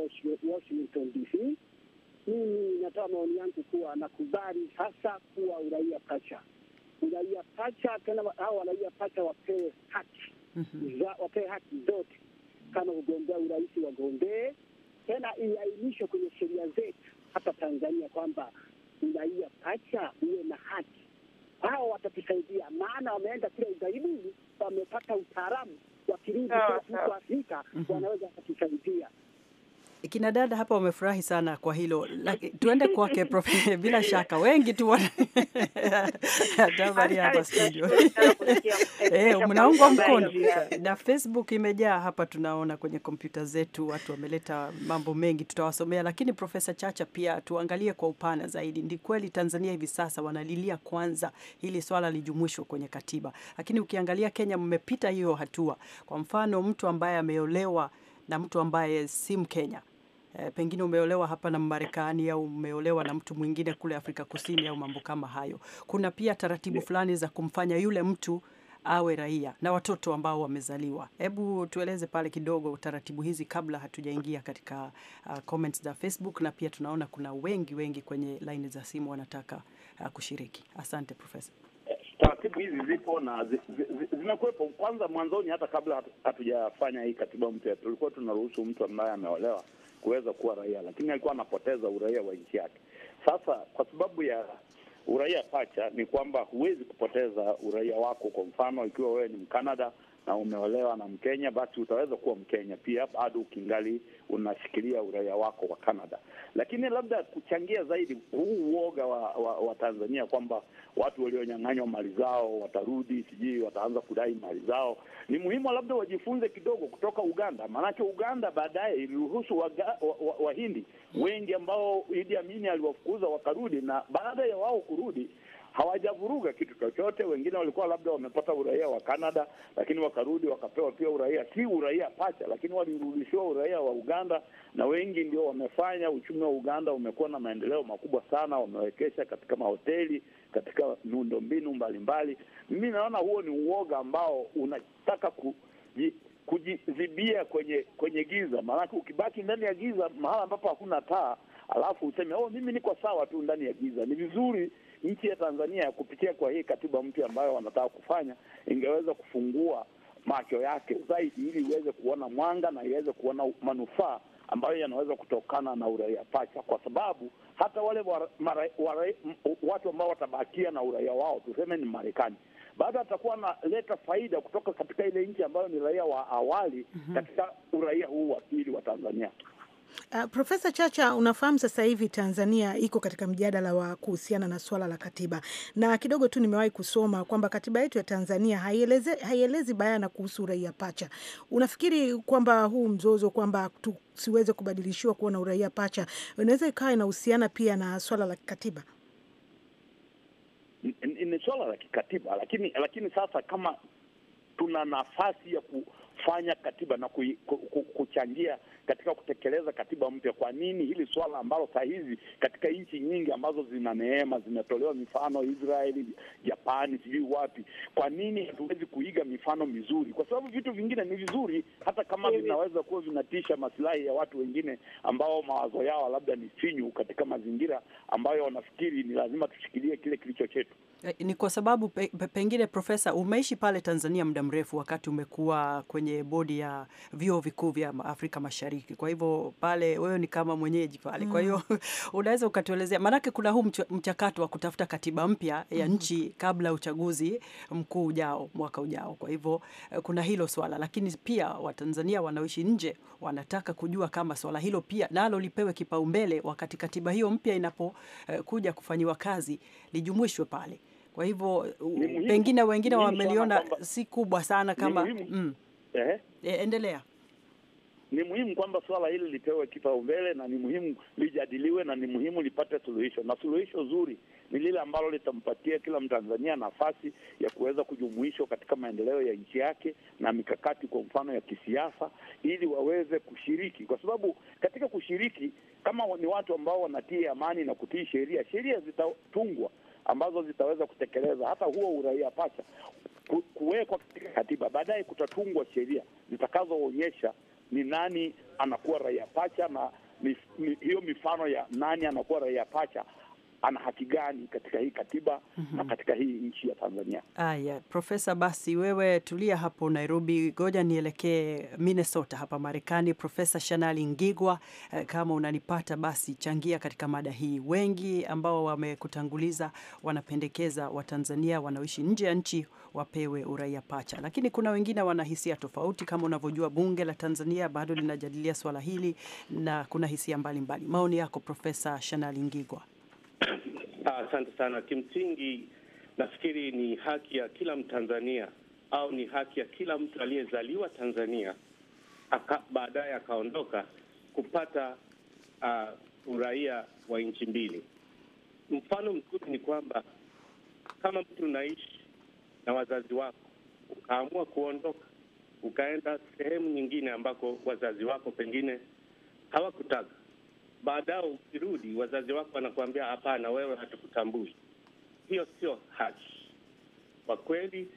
Washington DC. Mimi natoa maoni yangu kuwa nakubali hasa kuwa uraia pacha, uraia pacha tena, hao waraia pacha wapewe haki Mhm. za wapewe haki zote, kama ugombea urais wagombee, tena iainishwe kwenye sheria zetu hapa Tanzania kwamba uraia pacha uwe na haki. Hao watatusaidia, maana wameenda kule ughaibuni, wamepata utaalamu, wakirudi huko Afrika mm -hmm. wanaweza wakatusaidia. Kina dada hapa wamefurahi sana kwa hilo. tuende kwake Prof. Bila shaka wengi tu wana hapa studio ndio mnaungwa mkono na Facebook imejaa hapa, tunaona kwenye kompyuta zetu watu wameleta mambo mengi, tutawasomea. Lakini Profesa Chacha, pia tuangalie kwa upana zaidi. Ndi kweli Tanzania hivi sasa wanalilia kwanza hili swala lijumuishwe kwenye katiba, lakini ukiangalia Kenya mmepita hiyo hatua. Kwa mfano, mtu ambaye ameolewa na mtu ambaye si Mkenya E, pengine umeolewa hapa na Marekani au umeolewa na mtu mwingine kule Afrika Kusini au mambo kama hayo. Kuna pia taratibu fulani za kumfanya yule mtu awe raia na watoto ambao wamezaliwa. Hebu tueleze pale kidogo taratibu hizi kabla hatujaingia katika uh, comments za Facebook, na pia tunaona kuna wengi wengi kwenye laini za simu wanataka uh, kushiriki. Asante Profesa. Taratibu hizi zipo na zi, zi, zi, kwanza mwanzoni, hata kabla hatujafanya hii katiba mpya, tulikuwa tunaruhusu mtu ambaye ameolewa kuweza kuwa raia, lakini alikuwa anapoteza uraia wa nchi yake. Sasa kwa sababu ya uraia pacha ni kwamba huwezi kupoteza uraia wako. Kwa mfano, ikiwa wewe ni Mkanada na umeolewa na Mkenya, basi utaweza kuwa Mkenya pia bado ukingali unashikilia uraia wako wa Canada. Lakini labda kuchangia zaidi huu uoga wa, wa, wa Tanzania kwamba watu walionyang'anywa mali zao watarudi, sijui wataanza kudai mali zao, ni muhimu labda wajifunze kidogo kutoka Uganda, maanake Uganda baadaye iliruhusu Wahindi wa, wa, wa wengi ambao Idi Amini aliwafukuza wakarudi, na baada ya wao kurudi hawajavuruga kitu chochote. Wengine walikuwa labda wamepata uraia wa Canada, lakini wakarudi wakapewa pia uraia, si uraia pacha, lakini walirudishiwa uraia wa Uganda, na wengi ndio wamefanya uchumi wa Uganda umekuwa na maendeleo makubwa sana. Wamewekesha katika mahoteli, katika miundombinu mbalimbali. Mimi naona huo ni uoga ambao unataka ku kujizibia kwenye kwenye giza, maanake ukibaki ndani ya giza, mahala ambapo hakuna taa alafu useme oh, mimi niko sawa tu ndani ya giza. Ni vizuri nchi ya Tanzania ya kupitia kwa hii katiba mpya ambayo wanataka kufanya ingeweza kufungua macho yake zaidi, ili iweze kuona mwanga na iweze kuona manufaa ambayo yanaweza kutokana na uraia pacha, kwa sababu hata wale wara, mara, wara, watu ambao watabakia na uraia wao tuseme ni Marekani, baada atakuwa analeta faida kutoka katika ile nchi ambayo ni raia wa awali mm -hmm. katika uraia huu wa pili wa Tanzania. Uh, Profesa Chacha, unafahamu sasa hivi Tanzania iko katika mjadala wa kuhusiana na swala la katiba, na kidogo tu nimewahi kusoma kwamba katiba yetu ya Tanzania haieleze, haielezi bayana kuhusu uraia pacha. Unafikiri kwamba huu mzozo kwamba tusiweze kubadilishiwa kuwa na uraia pacha inaweza ikawa inahusiana pia na swala la kikatiba? Ni swala la kikatiba, lakini lakini sasa kama tuna nafasi ya ku fanya katiba na kuchangia katika kutekeleza katiba mpya. Kwa nini hili swala ambalo saa hizi katika nchi nyingi ambazo zina neema zimetolewa mifano Israeli, Japani, sijui wapi, kwa nini hatuwezi kuiga mifano mizuri? Kwa sababu vitu vingine ni vizuri, hata kama vinaweza kuwa vinatisha masilahi ya watu wengine ambao mawazo yao labda ni finyu, katika mazingira ambayo wanafikiri ni lazima tushikilie kile kilicho chetu. Eh, ni kwa sababu pe, pe, pengine Profesa, umeishi pale Tanzania muda mrefu, wakati umekuwa kwenye kwenye bodi ya vyuo vikuu vya Afrika Mashariki. Kwa hivyo pale wewe ni kama mwenyeji pale, kwa hiyo mm. unaweza ukatuelezea, maanake kuna huu mchakato wa kutafuta katiba mpya ya mm-hmm. nchi kabla uchaguzi mkuu ujao mwaka ujao. Kwa hivyo eh, kuna hilo swala, lakini pia Watanzania wanaoishi nje wanataka kujua kama swala hilo pia nalo lipewe kipaumbele wakati katiba hiyo mpya inapokuja eh, kufanyiwa kazi, lijumuishwe pale. Kwa hivyo pengine wengine wameliona si kubwa sana kama mm. Ehe, e, endelea. Ni muhimu kwamba suala hili lipewe kipaumbele na ni muhimu lijadiliwe na ni muhimu lipate suluhisho, na suluhisho zuri ni lile ambalo litampatia kila Mtanzania nafasi ya kuweza kujumuishwa katika maendeleo ya nchi yake na mikakati, kwa mfano ya kisiasa, ili waweze kushiriki, kwa sababu katika kushiriki, kama ni watu ambao wanatii amani na kutii sheria, sheria zitatungwa ambazo zitaweza kutekeleza hata huo uraia pacha kuwekwa katika katiba, baadaye kutatungwa sheria zitakazoonyesha ni nani anakuwa raia pacha na mif, hiyo mifano ya nani anakuwa raia pacha ana haki gani katika hii katiba mm -hmm. na katika hii nchi ya Tanzania. Aya, Profesa, basi wewe tulia hapo Nairobi, ngoja nielekee Minnesota hapa Marekani. Profesa Shanali Ngigwa, eh, kama unanipata basi changia katika mada hii. Wengi ambao wamekutanguliza wanapendekeza Watanzania wanaoishi nje ya nchi wapewe uraia pacha, lakini kuna wengine wana hisia tofauti. Kama unavyojua, bunge la Tanzania bado linajadilia swala hili na kuna hisia mbalimbali mbali. Maoni yako Profesa Shanali Ngigwa? Ah, asante sana. Kimsingi nafikiri ni haki ya kila Mtanzania au ni haki ya kila mtu aliyezaliwa Tanzania baadaye akaondoka kupata uh, uraia wa nchi mbili. Mfano mzuri ni kwamba kama mtu unaishi na wazazi wako ukaamua kuondoka ukaenda sehemu nyingine ambako wazazi wako pengine hawakutaka, baadaye ukirudi wazazi wako wanakuambia hapana, wewe hatukutambui. Hiyo sio haki kwa kweli.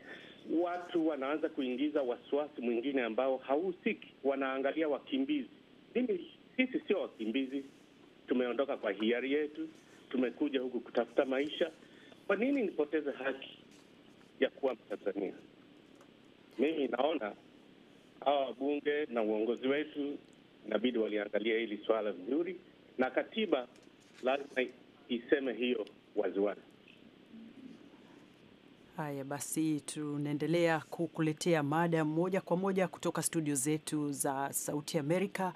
Watu wanaanza kuingiza wasiwasi mwingine ambao hauhusiki, wanaangalia wakimbizi. Mimi sisi sio wakimbizi, tumeondoka kwa hiari yetu, tumekuja huku kutafuta maisha. Kwa nini nipoteze haki ya kuwa Mtanzania? Mimi naona hawa wabunge na uongozi wetu inabidi waliangalia hili swala vizuri, na katiba lazima iseme hiyo waziwazi. Haya basi, tunaendelea kukuletea mada moja kwa moja kutoka studio zetu za Sauti Amerika.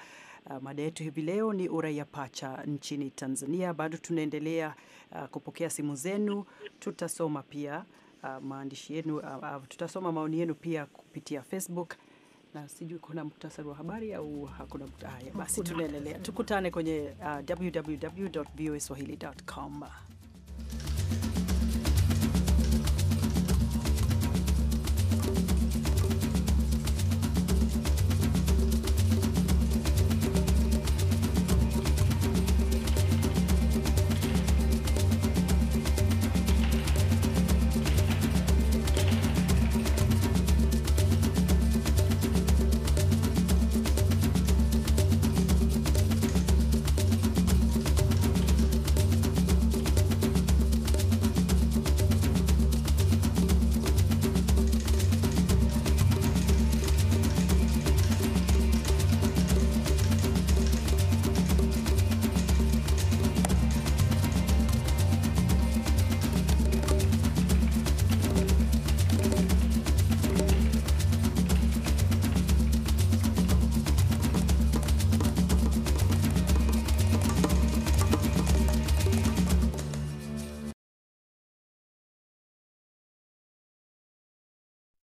Ah, mada yetu hivi leo ni uraia pacha nchini Tanzania. Bado tunaendelea uh, kupokea simu zenu, tutasoma pia uh, maandishi yenu uh, tutasoma maoni yenu pia kupitia Facebook na sijui kuna muktasari wa habari au hakuna Haya basi, tunaendelea, tukutane kwenye uh, www.voaswahili.com.